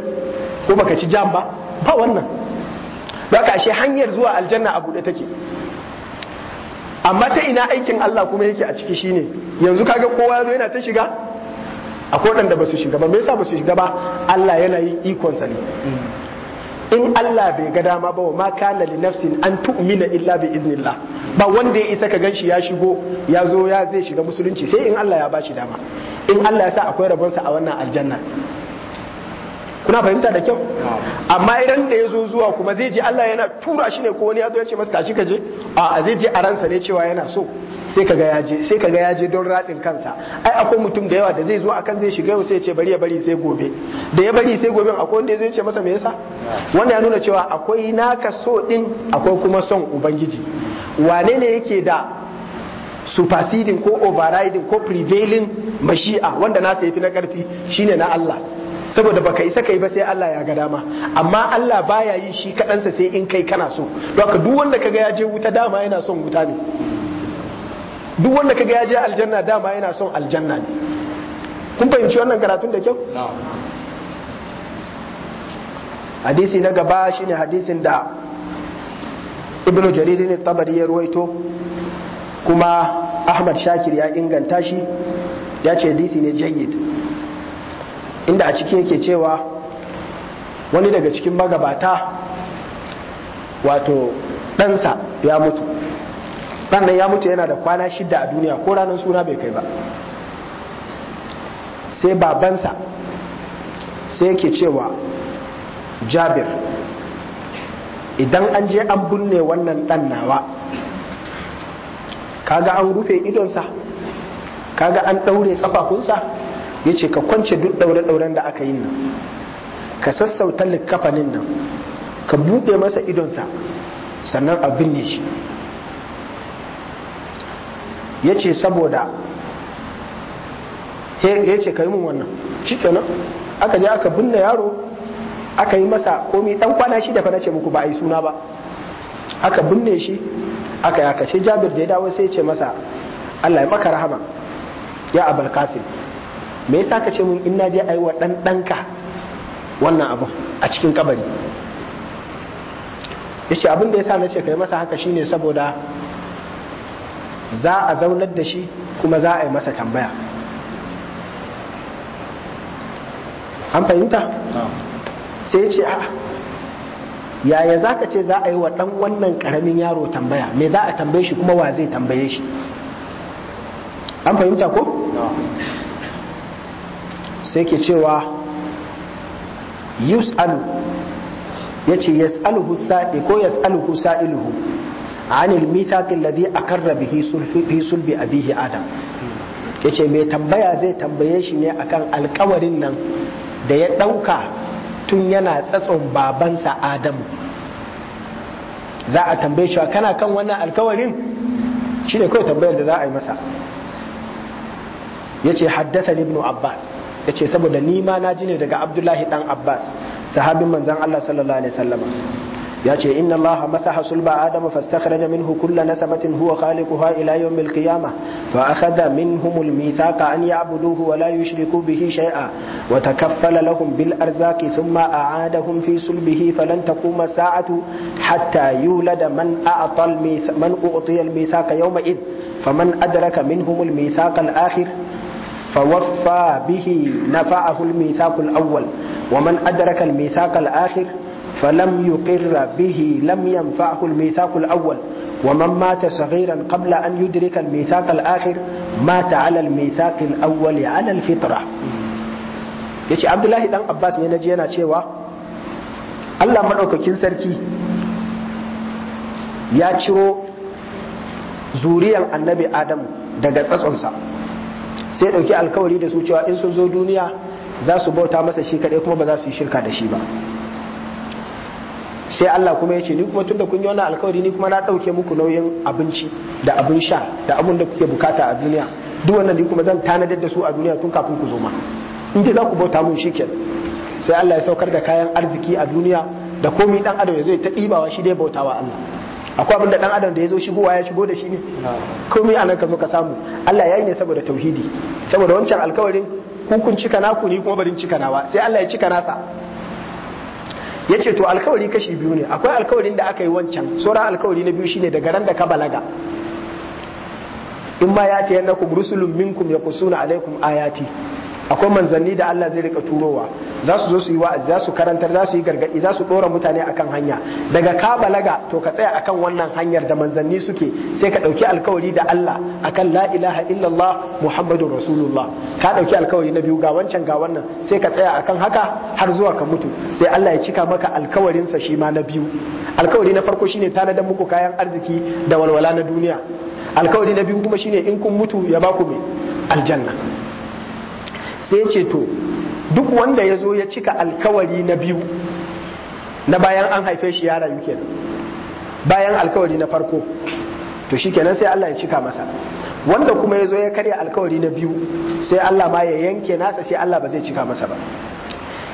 ko baka ci jam ba ba wannan ba ka ashe hanyar zuwa aljanna a buɗe take amma ta ina aikin Allah kuma yake a ciki shine yanzu kaga kowa yazo yana ta shiga akwai waɗanda ba su shiga ba me yasa ba su shiga ba Allah yana yin ikon sa ne in Allah bai ga dama ba wa ma kana li nafsin an tu'mina illa bi idnillah ba wanda ya isa ka ganshi ya shigo ya zo ya zai shiga musulunci sai in Allah ya bashi dama in Allah ya sa akwai rabonsa a wannan aljanna kuna fahimta da kyau amma idan da ya zo zuwa kuma zai je Allah yana tura shi ne ko wani ya zo ya ce masa tashi ka je a zai je a ransa ne cewa yana so sai kaga ya je sai kaga ya je don radin kansa ai akwai mutum da yawa da zai zo akan zai shiga yau sai ya ce bari ya bari sai gobe da ya bari sai gobe akwai wanda zai ce masa me yasa wannan ya nuna cewa akwai naka so din akwai kuma son ubangiji wane ne yake da superseding ko overriding ko prevailing mashi'a wanda nasa yafi na karfi shine na Allah saboda baka isa kai ba sai Allah ya ga dama amma Allah baya yi shi kaɗansa sai in kai kana so don haka duk wanda kaga ya je wuta dama yana son wuta ne duk wanda kaga ya je aljanna dama yana son aljanna ne kun fahimci wannan karatun da kyau hadisi na gaba shine hadisin da ibnu jarir ne tabari ya ruwaito kuma ahmad shakir ya inganta shi ya ce hadisi ne jayyid inda a ciki yake cewa wani daga cikin magabata wato ɗansa ya mutu ɗan ya mutu yana da kwana shida a duniya ko ranar suna bai kai ba sai babansa sai yake cewa jabir idan an je an bunne wannan ɗan nawa kaga an rufe idonsa kaga an ɗaure ƙafafunsa ya ce ka kwance duk ɗaure-ɗauren da aka yi nan ka sassauta likafanin nan ka buɗe masa idonsa sannan a binne shi ya ce saboda ya ce ka yi mun wannan shi kenan aka je aka binne yaro aka yi masa komi dan kwana shi da fa ce muku ba a yi suna ba aka binne shi aka yaka shi jabir da ya dawo sai ya ce masa Allah ya maka rahama ya abul me yasa ka ce mun in naje ayi wa dan danka wannan abu a cikin kabari yace abin da yasa nace kai masa haka shine saboda za a zaunar da shi kuma za a yi masa tambaya an fahimta sai ce a yaya za ka ce za a yi wa ɗan wannan ƙaramin yaro tambaya me za a tambaye shi kuma wa zai tambaye shi an fahimta ko sai ke cewa yus'alu yace yas'aluhu sa'i ko yas'aluhu sa'iluhu ladi a الذي أقر به في صلب أبيه adam. yace mai tambaya zai tambaye shi ne akan alkawarin nan da ya ɗauka tun yana tsatson babansa adamu za a tambaye shi kana kan wannan alkawarin shi ne kawai tambayar da za a yi masa yace haddasa ibn abbas ya ce saboda ni ma na ji ne daga abdullahi dan abbas sahabin manzan allah sallallahu alaihi wasallama ya ce inna allaha masaha sulba adama fastakhraja minhu kulla nasabatin huwa khaliquha ila yawmil qiyamah fa akhadha minhum al mithaqa an ya'buduhu wa la yushriku bihi shay'a wa takaffala lahum bil arzaqi thumma a'adahum fi sulbihi falan taquma sa'atu hatta yulada man a'ta man u'tiya al mithaqa yawma id faman adraka minhum al mithaqa akhir فوفى به نفعه الميثاق الأول ومن أدرك الميثاق الآخر فلم يقر به لم ينفعه الميثاق الأول ومن مات صغيرا قبل أن يدرك الميثاق الآخر مات على الميثاق الأول على الفطرة yace Abdullahi dan Abbas ne naji yana cewa Allah madaukakin sarki ya ciro zuriyar annabi Adamu daga tsatsonsa sai dauki alkawari da su cewa in sun zo duniya za su bauta masa shi kadai kuma ba za su yi shirka da shi ba sai Allah kuma ya ce ni kuma tunda kun yi wannan alkawari ni kuma na dauke muku nauyin abinci da abin sha da abin da kuke bukata a duniya duk wannan ni kuma zan tanadar da su a duniya tun kafin ku zo ma in dai za ku bauta mun shikenan sai Allah ya saukar da kayan arziki a duniya da komai dan adam ya zai ta ɗibawa shi dai bautawa Allah akwai abin da dan adam da ya zo shigowa ya shigo da shi ne komai anan ka zo ka samu Allah ya yi ne saboda tauhidi saboda wancan alkawarin kun cika naku ni kuma barin cika nawa sai Allah ya cika nasa ya ce to alkawari kashi biyu ne akwai alkawarin da aka yi wancan sauran alkawari na biyu shine daga ran da ka balaga in ma ya ta ku rusulun minkum yakusuna alaikum ayati akwai manzanni da Allah zai rika turowa za su zo su yi wa'azi za su karantar za su yi gargadi za su dora mutane akan hanya daga ka balaga to ka tsaya akan wannan hanyar da manzanni suke sai ka dauki alkawari da Allah akan la ilaha illallah muhammadu rasulullah ka dauki alkawari na biyu ga wancan ga wannan sai ka tsaya akan haka har zuwa ka mutu sai Allah ya cika maka alkawarin sa shi ma na biyu alkawari na farko shine tanadan muku kayan arziki da walwala na duniya alkawari na biyu kuma shine in kun mutu ya baku mai aljanna sai ce to duk wanda ya zo ya cika alkawari na biyu na bayan an haife shi ya rayu kenan bayan alkawari na farko to shikenan sai Allah ya cika masa wanda kuma ya zo ya karya alkawari na biyu sai Allah ma ya yanke nasa sai Allah ba zai cika masa ba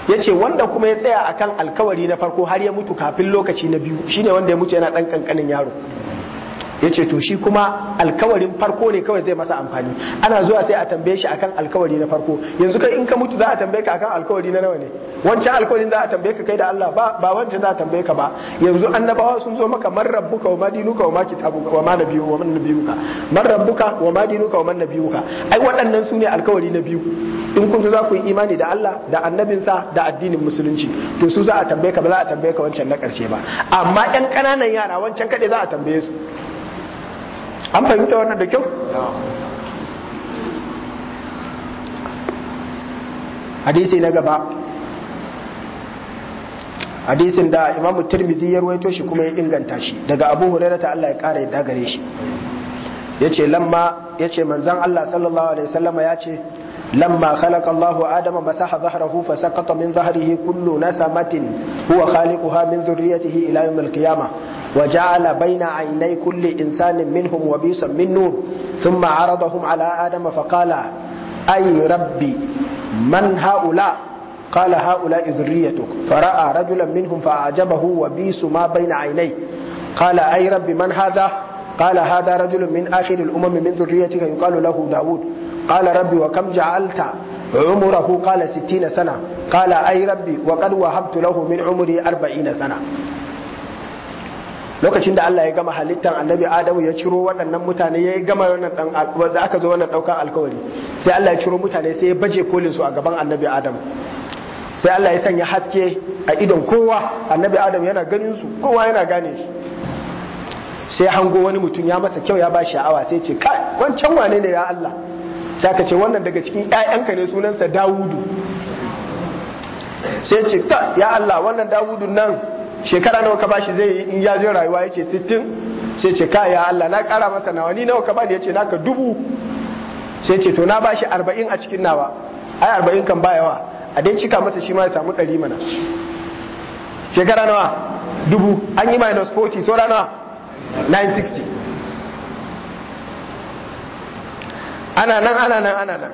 ya ce wanda kuma ya tsaya akan alkawari na farko har ya mutu kafin lokaci na biyu shine wanda ya mutu yana ɗan ƙanƙanin yaro ya ce to shi kuma alkawarin farko ne kawai zai masa amfani ana zuwa sai a tambaye shi akan alkawari na farko yanzu kai in ka mutu za a tambaye ka akan alkawari na nawa ne wancan alkawarin za a tambaye ka kai da Allah ba ba wancan za a tambaye ka ba yanzu annabawa sun zo maka man rabbuka wa madinuka wa ma kitabuka wa ma wa man nabiyuka man rabbuka wa madinuka wa man nabiyuka ai waɗannan su ne alkawari na biyu in kun za ku yi imani da Allah da annabinsa da addinin musulunci to su za a tambaye ka ba za a tambaye ka wancan na ƙarshe ba amma ƴan ƙananan yara wancan kaɗai za a tambaye su an fahimta wannan da kyau hadisi na gaba hadisin da imamu tirmidhi ya ruwaito shi kuma ya inganta shi daga abu hurairah ta Allah ya kara ya dagare shi yace lamma yace manzon Allah sallallahu alaihi ya ce lamma khalaqa Allahu adama masaha dhahrahu fa saqata min hi kullu samatin huwa khaliquha min hi ila yawm al وجعل بين عيني كل إنسان منهم وبيسا من نور ثم عرضهم على آدم فقال أي ربي من هؤلاء قال هؤلاء ذريتك فرأى رجلا منهم فأعجبه وبيس ما بين عينيه قال أي ربي من هذا قال هذا رجل من آخر الأمم من ذريتك يقال له داود قال ربي وكم جعلت عمره قال ستين سنة قال أي ربي وقد وهبت له من عمري أربعين سنة lokacin da Allah ya gama halittar annabi Adamu ya ciro waɗannan mutane ya gama wannan dan da aka zo wannan daukar alkawari sai Allah ya ciro mutane sai ya baje kolin su a gaban annabi Adamu sai Allah ya sanya haske a idon kowa annabi Adamu yana ganin su kowa yana gane shi sai hango wani mutum ya masa kyau ya ba sha'awa sai ce kai wancan wane ne ya Allah sai aka ce wannan daga cikin ƴaƴanka ne sunansa Dawudu sai ce ya Allah wannan Dawudu nan shekara nawa ka bashi zai in ya zai rayuwa yace 60 sai ce ka ya Allah na kara masa nawa ni nawa ka bani yace naka dubu sai ce to na bashi 40 a cikin nawa ai 40 kan ba yawa a dai cika masa shi ma ya samu 100 mana shekara nawa dubu an yi minus 40 saura nawa 960 ana nan ana nan ana nan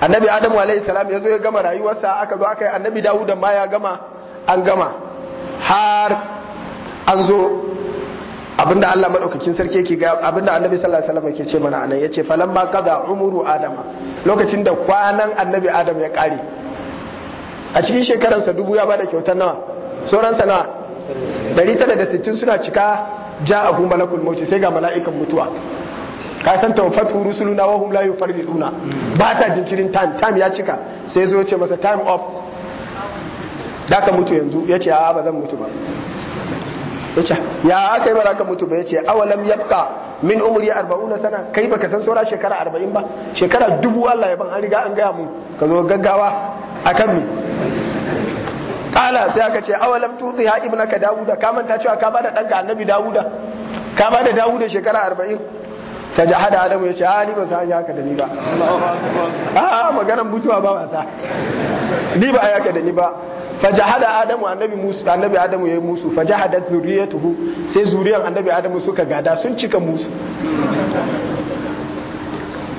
annabi adamu alaihi salam ya zo ya gama rayuwarsa aka zo aka yi annabi dawudan ma ya gama an gama har an zo abinda Allah madaukakin sarki yake ga abinda Annabi sallallahu alaihi wasallam yake ce mana anan yace ba qada umuru adama lokacin da kwanan Annabi Adam ya kare a cikin sa dubu ya bada kyautar nawa sauransa nawa 960 suna cika ja'ahu malakul maut sai ga mala'ikan mutuwa ka san tawaffatu rusuluna wa hum la yufarriduna ba sa jinkirin time time ya cika sai zo ya ce masa time off. da ka mutu yanzu ya ce a ba zan mutu ba Ya ce ya aka yi baraka mutu ba ya ce awalam yabqa min umri 40 sana kai baka san saura shekara 40 ba shekara dubu Allah ya ban an riga an gaya mu ka zo gaggawa akan mu. kala sai aka ce awalam tuti ha ibnaka dauda ka manta cewa ka bada danka annabi dauda ka bada dauda shekara 40 sai hada adamu ya ce a ni ba san haka da ni ba a maganan mutuwa ba wasa ni ba a haka da ni ba fajahada adamu annabi musu annabi adamu yayi musu fajahada zuriyatuhu sai zuriyan annabi adamu suka gada sun cika musu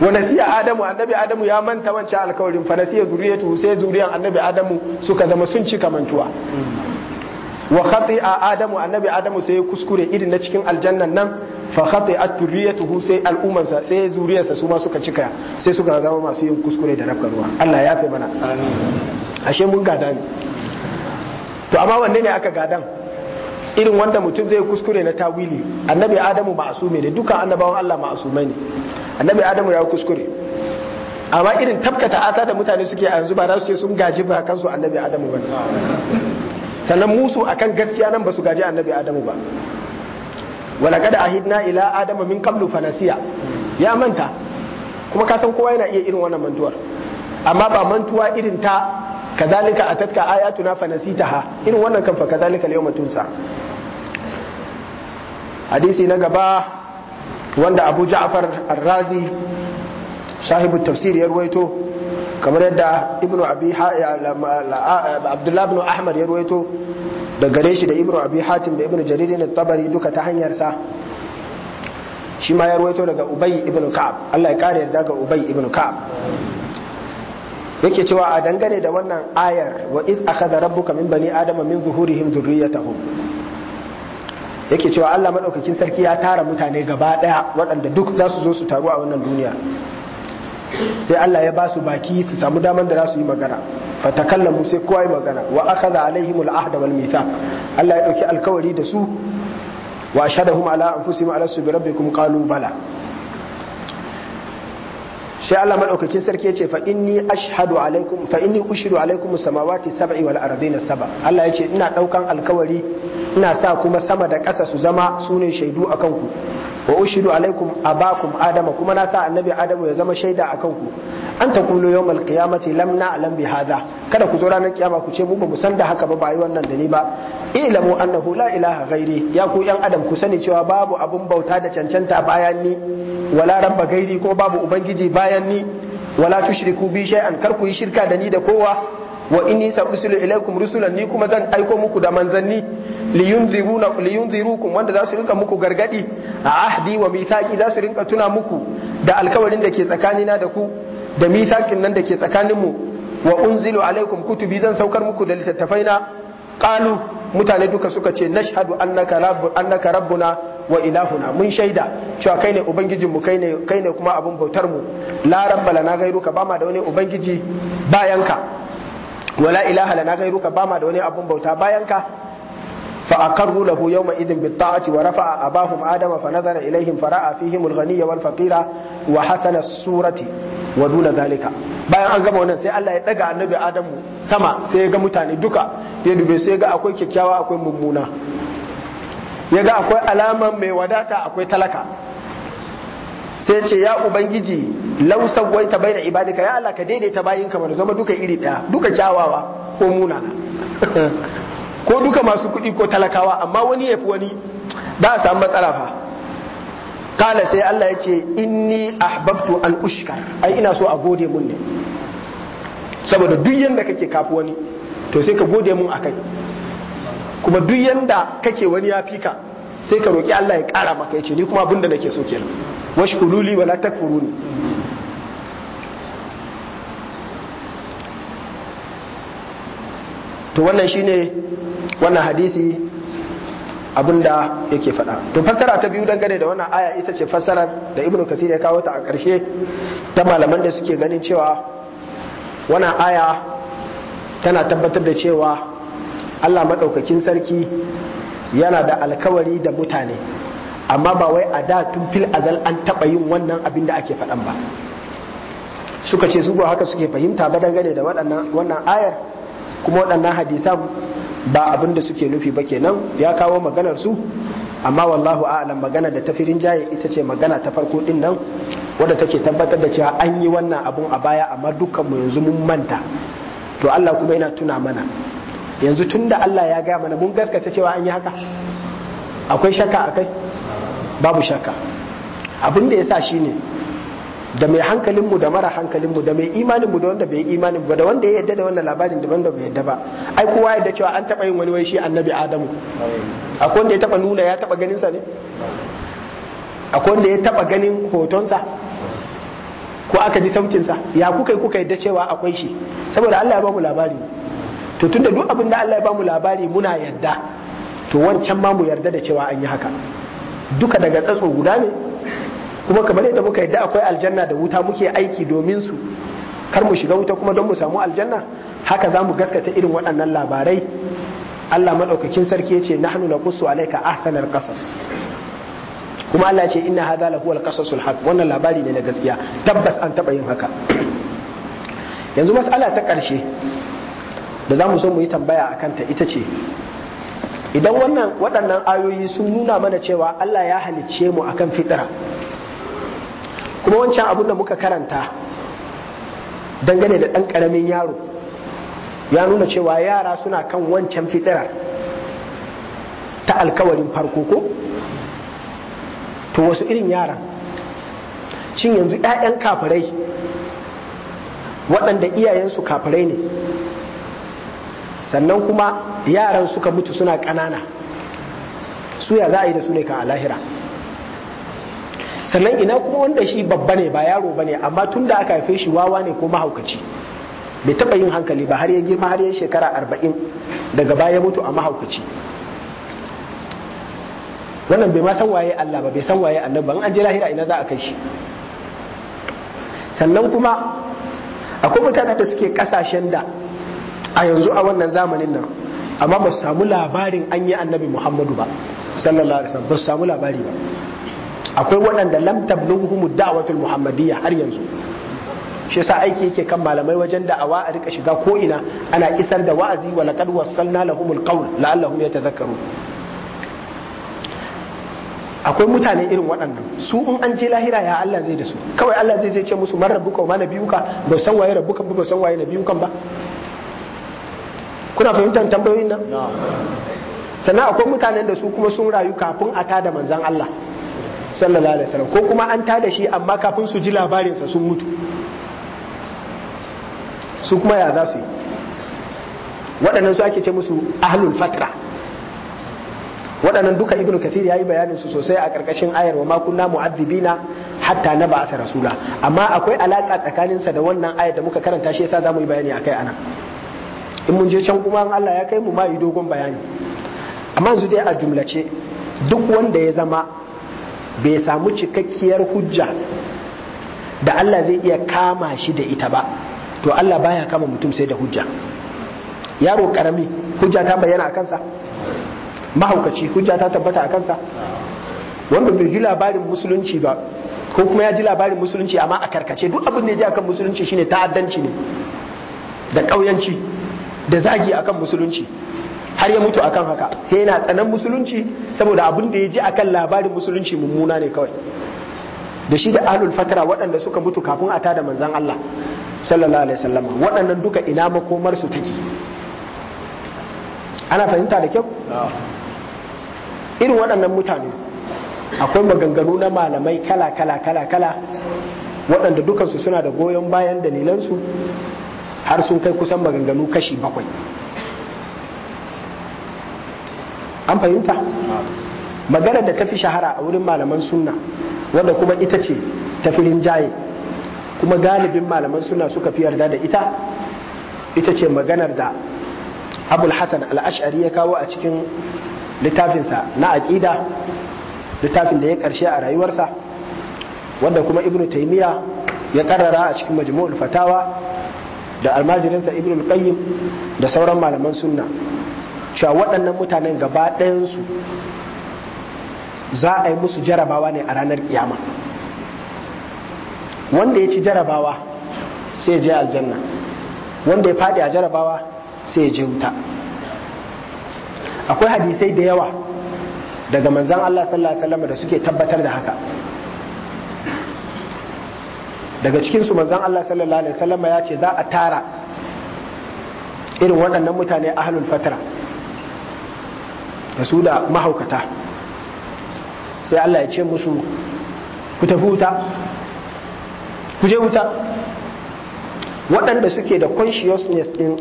wa nasiya adamu annabi adamu ya manta wancan alkawarin fa nasiya zuriyatuhu sai zuriyan annabi adamu suka zama sun cika mantuwa wa khati'a adamu annabi adamu sai kuskure idin na cikin aljannan nan fa khati'a zuriyatuhu sai sa sai zuriyar sa su ma suka cika sai suka zama masu yin kuskure da rabkarwa Allah ya fi mana amin ashe mun gada ne to amma wanne ne aka gadan irin wanda mutum zai kuskure na tawili annabi adamu ma'asumi ne dukkan annabawan Allah ma'asumai ne annabi adamu ya kuskure amma irin tabkata asa da mutane suke a yanzu ba za su ce sun gaji ba kansu annabi adamu ba sannan musu akan gaskiya nan ba su gaji annabi adamu ba a ahidna ila adama min qablu fanasiya ya manta kuma ka san kowa yana iya irin wannan mantuwar amma ba mantuwa irin ta kadhalika atatka ayatuna fanasitaha irin wannan kan fa kadhalika al-yawma hadisi na gaba wanda Abu Ja'far Ar-Razi sahibu tafsir ya ruwaito kamar yadda Ibn Abi Abdullah ibn Ahmad ya ruwaito da gare shi da Ibn Abi Hatim da Ibn Jarir tabari duka ta hanyar sa shi ma ya ruwaito daga Ubay ibn Ka'ab Allah ya kare yadda ga Ubay ibn Ka'ab yake cewa a dangane da wannan ayar wa iz akhadha rabbuka min bani adama min zuhurihim dhurriyyatahum yake cewa Allah madaukakin sarki ya tara mutane gaba daya waɗanda duk za su zo su taru a wannan duniya sai Allah ya ba su baki su samu daman da za su yi magana fa takallamu sai kowa yi magana wa akhadha alaihimul ahda wal mithaq Allah ya dauki alkawari da su wa ashhadahum ala anfusihim ala subbi rabbikum qalu bala sai Allah madaukakin sarki yace fa inni ashhadu alaikum fa inni ushiru alaikum samawati sab'i wal ardina sab'a Allah yace ina daukan alkawari ina sa kuma sama da kasa su zama sune shaidu akan ku wa ushiru alaikum abakum adama kuma na sa annabi adamu ya zama shaida akan ku an taqulu yawmal qiyamati lam na'lam bi hadha kada ku zo ranar kiyama ku ce mu ba mu san da haka ba ba yi wannan da ni ba ilamu annahu la ilaha ghairi ya ku yan adam ku sani cewa babu abun bauta da cancanta bayan ni wala rabba gairi ko babu ubangiji bayan ni wala tushriku bi shay'an kar ku yi shirka da ni da kowa wa inni sa'ursilu ilaikum rusulan ni kuma zan aiko muku da manzanni liyunziruna liyunzirukum wanda za su rinka muku gargadi a ahdi wa mithaqi za su rinka tuna muku da alkawarin da ke tsakanina da ku da mithaqin nan da ke tsakanin mu wa unzilu alaikum kutubi zan saukar muku da na qalu mutane duka suka ce nashhadu annaka rabbuna wa ilahuna mun shaida cewa kai ne ubangijin mu kai ne kai ne kuma abun bautar mu la rabba lana gairuka ba ma da wani ubangiji bayanka wala ilaha lana gairuka ba ma da wani abun bauta bayanka fa aqarru lahu yawma idin bi ta'ati wa rafa'a abahum adama fa nazara ilaihim fara'a fihim al ghaniyya wal faqira wa hasana surati wa duna zalika bayan an gama wannan sai Allah ya daga annabi Adamu sama sai ya ga mutane duka ya dube sai ya ga akwai kyakkyawa akwai mummuna ya ga akwai alaman mai wadata akwai talaka sai ce ya ubangiji lausan wai ta bai da ibadika ya Allah ka daidaita bayin kamar zama duka iri daya duka kyawawa ko muna ko duka masu kuɗi ko talakawa amma wani ya fi wani ba a samu matsala fa kala sai Allah ya ce inni ahbabtu an ushkar ai ina so a gode mun ne saboda duk yadda kake kafi wani to sai ka gode mun akai kuma duk yanda kake wani ya fika sai ka roƙi Allah ya ƙara maka ya ce ni kuma abin da nake so kenan wasu kululi wala ne. to wannan shi ne wannan hadisi da yake faɗa to fassara ta biyu dangane da wannan aya ita ce fassarar da Ibn kathir ya kawo ta a ƙarshe ta malaman da suke ganin cewa wannan aya tana tabbatar da cewa Allah maɗaukakin sarki yana da alkawari da mutane amma ba wai a da tun fil azal an taɓa yin wannan abin da ake faɗan ba suka ce su haka suke fahimta ba dangane da wannan ayar kuma waɗannan hadisan ba abin da suke nufi ba kenan ya kawo maganar su amma wallahu a'lam magana da tafi rinjaye ita ce magana ta farko din nan wadda take tabbatar da cewa an yi wannan abun a baya amma dukkan mu yanzu mun manta to Allah kuma yana tuna mana yanzu tun da Allah ya gaya mana mun gaskata cewa an yi haka akwai shakka akai babu shakka abin da ya sa shine da mai hankalinmu da mara hankalinmu da mai imaninmu da wanda bai yi imanin ba da wanda ya yadda da wannan labarin da wanda bai yadda ba ai kowa yadda cewa an taba yin wani wai shi annabi adamu akwai wanda ya taba nuna ya taba ganin sa ne akwai wanda ya taba ganin hotonsa ko aka ji sautinsa ya kuka yi kuka yadda cewa akwai shi saboda Allah ya ba mu labari to tun da duk abin da Allah ya bamu labari muna yarda to wancan ma mu yarda da cewa an yi haka duka daga tsatso guda ne kuma kamar yadda muka yarda akwai aljanna da wuta muke aiki domin su kar mu shiga wuta kuma don mu samu aljanna haka za mu gaskata irin waɗannan labarai Allah maɗaukakin sarki ya ce nahnu naqussu alayka ahsanal qasas kuma Allah ce inna hadha la al-qasasul haq wannan labari ne na gaskiya tabbas an taba yin haka yanzu mas'ala ta ƙarshe da za mu so mu yi tambaya a kanta ita ce idan wannan waɗannan ayoyi sun nuna mana cewa Allah ya halicce mu akan fitara kuma wancan abin da muka karanta dangane da ɗan ƙaramin yaro ya nuna cewa yara suna kan wancan fitirar ta alkawarin farko ko to wasu irin yaran cin yanzu 'ya'yan kafirai waɗanda iyayensu kafirai ne sannan kuma yaran suka mutu suna kanana su ya za a yi da su ne ka a lahira sannan ina kuma wanda shi babba ne ba yaro ba ne amma tun da aka haife shi wawa ne ko mahaukaci bai taɓa yin hankali ba har ya girma har ya shekara arba'in daga baya mutu a mahaukaci wannan bai ma san waye Allah ba bai san waye Allah ba an je lahira ina za a kai shi sannan kuma akwai mutanen da suke kasashen da a yanzu a wannan zamanin nan amma ba samu labarin an yi annabi muhammadu ba sallallahu alaihi wasallam ba samu labari ba akwai waɗanda lam tablughuhum da'watul muhammadiyya har yanzu shi yasa aiki yake kan malamai wajen da'awa a rika shiga ko ina ana isar da wa'azi wa laqad wasalna lahumul qawl la'allahum yatadhakkarun akwai mutane irin waɗannan su in an je lahira ya Allah zai da su kawai Allah zai ce musu man rabbuka wa ma nabiyuka ba san waye rabbuka ba san waye nabiyukan ba kuna fahimtar tambayoyin nan sannan akwai mutanen da su kuma sun rayu kafin a tada manzan Allah sallallahu alaihi wasallam ko kuma an tada shi amma kafin su ji labarinsa sun mutu su kuma ya za su yi waɗannan su ake ce musu ahlul fatra waɗannan duka ibnu kathir ya yi bayanin su sosai a ƙarƙashin ayar wa kunna mu'adhibina hatta na rasula amma akwai alaka tsakanin sa da wannan ayar da muka karanta shi yasa za mu yi bayani akai anan in mun je can kuma in Allah ya kai mu ma yi dogon bayani amma yanzu dai a jumlace duk wanda ya zama bai samu cikakkiyar hujja da Allah zai iya kama shi da ita ba to Allah baya kama mutum sai da hujja yaro karami hujja ta bayyana a kansa mahaukaci hujja ta tabbata a kansa wanda bai ji labarin musulunci ba ko kuma ya ji labarin musulunci amma a karkace duk abin da ya ji akan musulunci shine ta'addanci ne da ƙauyanci da zagi akan musulunci har ya mutu akan haka sai yana tsanan musulunci saboda abin da ya ji akan labarin musulunci mummuna ne kawai da shi da ahlul fatara waɗanda suka mutu kafin a tada manzan Allah sallallahu alaihi wasallama waɗannan duka ina makomar su take ana fahimta da kyau irin waɗannan mutane akwai maganganu na malamai kala kala kala kala waɗanda dukansu suna da goyon bayan dalilansu har sun kai kusan maganganu kashi bakwai an fahimta magana da ta fi shahara a wurin malaman sunna wadda kuma ita ce ta filin jaye kuma galibin malaman suna suka fi yarda da ita ita ce maganar da abul hasan al'ashari ya kawo a cikin littafinsa na aƙida littafin da ya ƙarshe a rayuwarsa wadda kuma ibnu taimiyya ya ƙarara a cikin majmu'ul fatawa da almajirinsa ibnul qayyim da sauran malaman sunna cewa waɗannan mutanen gaba ɗayansu za a yi musu jarabawa ne a ranar kiyama wanda ya ci jarabawa sai je aljanna wanda ya faɗi a jarabawa sai je wuta akwai hadisai da yawa daga manzan Allah sallallahu alaihi da suke tabbatar da haka daga cikin su manzon Allah sallallahu alaihi wasallam ya ce za a tara irin waɗannan mutane ahlul fatara da su da mahaukata sai Allah ya ce musu ku tafi wuta ku je wuta waɗanda suke da consciousness din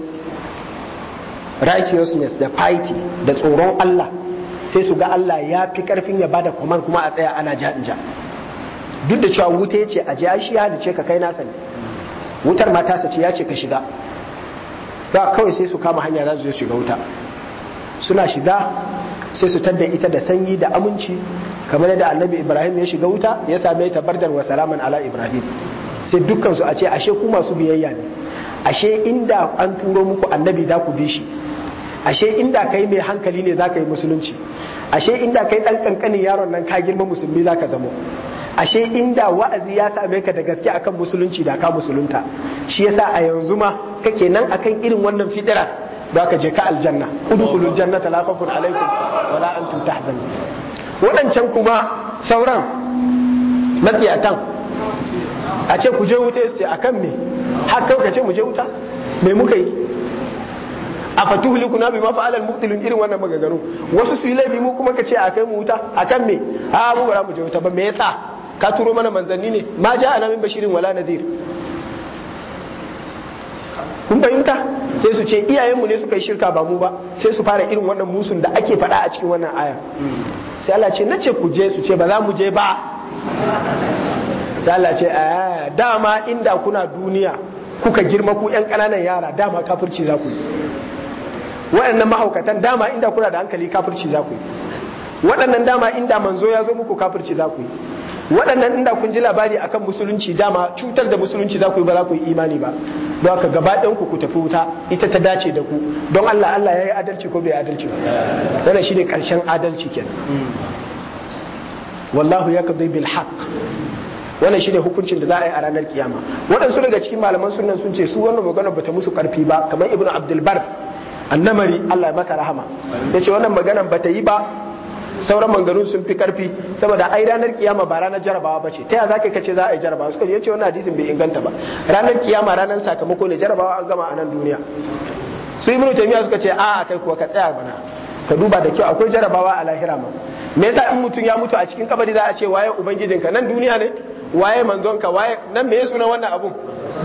righteousness da piety da tsoron Allah sai su ga Allah ya fi karfin ya bada command kuma a tsaya ana ja duk da cewa wuta ya ce a ji shi ya ka kai nasa ne wutar ma tasa ce ya ce ka shiga ba kawai sai su kama hanya za su shiga wuta suna shiga sai su tadda ita da sanyi da aminci kamar yadda annabi ibrahim ya shiga wuta ya same ta bardar wa salaman ala ibrahim sai dukkan su a ce ashe ku masu biyayya ne ashe inda an turo muku annabi za ku bi shi ashe inda kai mai hankali ne za ka yi musulunci ashe inda kai ɗan kankanin yaron nan ka girma musulmi za ka zamo ashe inda wa'azi ya same ka da gaske akan musulunci da ka musulunta shi yasa a yanzu ma kake nan akan irin wannan fitira da ka je ka aljanna udkhulul jannata la khawfun alaykum wa la antum tahzan wadancan kuma sauran matsiyatan a ce ku je wuta yace akan me har kai ka ce mu je wuta me muka yi a kuna bi fa'ala al-mubtilun irin wannan maganganu wasu su yi laifi mu kuma ka ce a kai mu wuta akan me a mu bara mu je wuta ba me yasa ka turo mana manzanni ne ma ja ana min bashirin wala nadir kun fahimta sai su ce iyayenmu ne suka yi shirka ba mu ba sai su fara irin wannan musun da ake faɗa a cikin wannan aya sai Allah ce nace ku je su ce ba za mu je ba sai Allah ce a eh, dama inda kuna duniya kuka girma ku yan ƙananan yara dama kafirci za ku yi waɗannan mahaukatan dama inda kuna da hankali kafirci za ku yi waɗannan dama inda manzo ya zo muku kafirci za ku yi waɗannan inda kun ji labari akan musulunci dama cutar da musulunci za ku yi ba za ku yi imani ba don haka gaba ɗan ku ku tafi wuta ita ta dace da ku don Allah Allah ya yi adalci ko bai adalci ba wannan ne ƙarshen adalci kenan wallahu ya bil haq. wannan shine hukuncin da za a yi a ranar kiyama waɗansu daga cikin malaman sunan sun ce su wannan magana ta musu ƙarfi ba kamar ibnu abdul bar annamari Allah ya masa rahama Ya ce wannan ba ta yi ba sauran manganun sun fi karfi saboda ai ranar kiyama ba ranar jarabawa ba ce ta yaya zaka kace za a yi jarabawa suka ce wannan hadisin bai inganta ba ranar kiyama ranar sakamako ne jarabawa an gama a nan duniya sai ibnu taymiya suka ce a kai kuwa ka tsaya bana ka duba da kyau akwai jarabawa a lahira ma me yasa in mutum ya mutu a cikin kabari za a ce waye ubangijinka nan duniya ne waye manzonka waye nan me ya suna wannan abun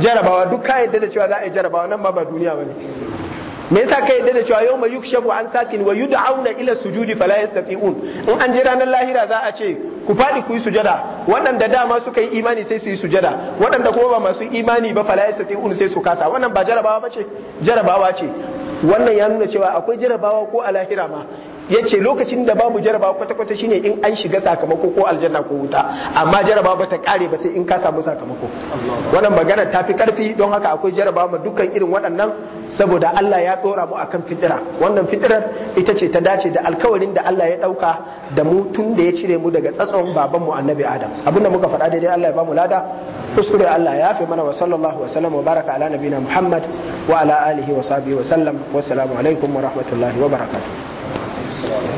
jarabawa duk ka yadda da cewa za a yi jarabawa nan ba ba duniya bane me yasa ka yadda da cewa yau mai yukshafu an sakin wa yud'auna ila sujudi fala yastati'un in an je ranar lahira za a ce ku fadi ku yi sujada waɗanda dama suka yi imani sai su yi sujada waɗanda kuma ba masu imani ba fala yastati'un sai su kasa wannan ba jarabawa ba ce? jarabawa ce wannan ya nuna cewa akwai jarabawa ko a lahira ma ya ce lokacin da babu jaraba kwata-kwata shine in an shiga sakamako ko aljanna ko wuta amma jaraba ba ta kare ba sai in ka samu sakamako wannan magana ta fi karfi don haka akwai jaraba ma dukkan irin waɗannan saboda Allah ya dora mu akan fitira wannan fitirar ita ce ta dace da alkawarin da Allah ya dauka da mu tun da ya cire mu daga tsatson baban mu annabi Adam da muka faɗa daidai Allah ya ba mu lada kuskure Allah ya fi mana wa sallallahu wa sallam wa baraka ala nabina Muhammad wa ala alihi wa sahbihi wa sallam wa alaikum wa rahmatullahi wa barakatuh Thanks a lot.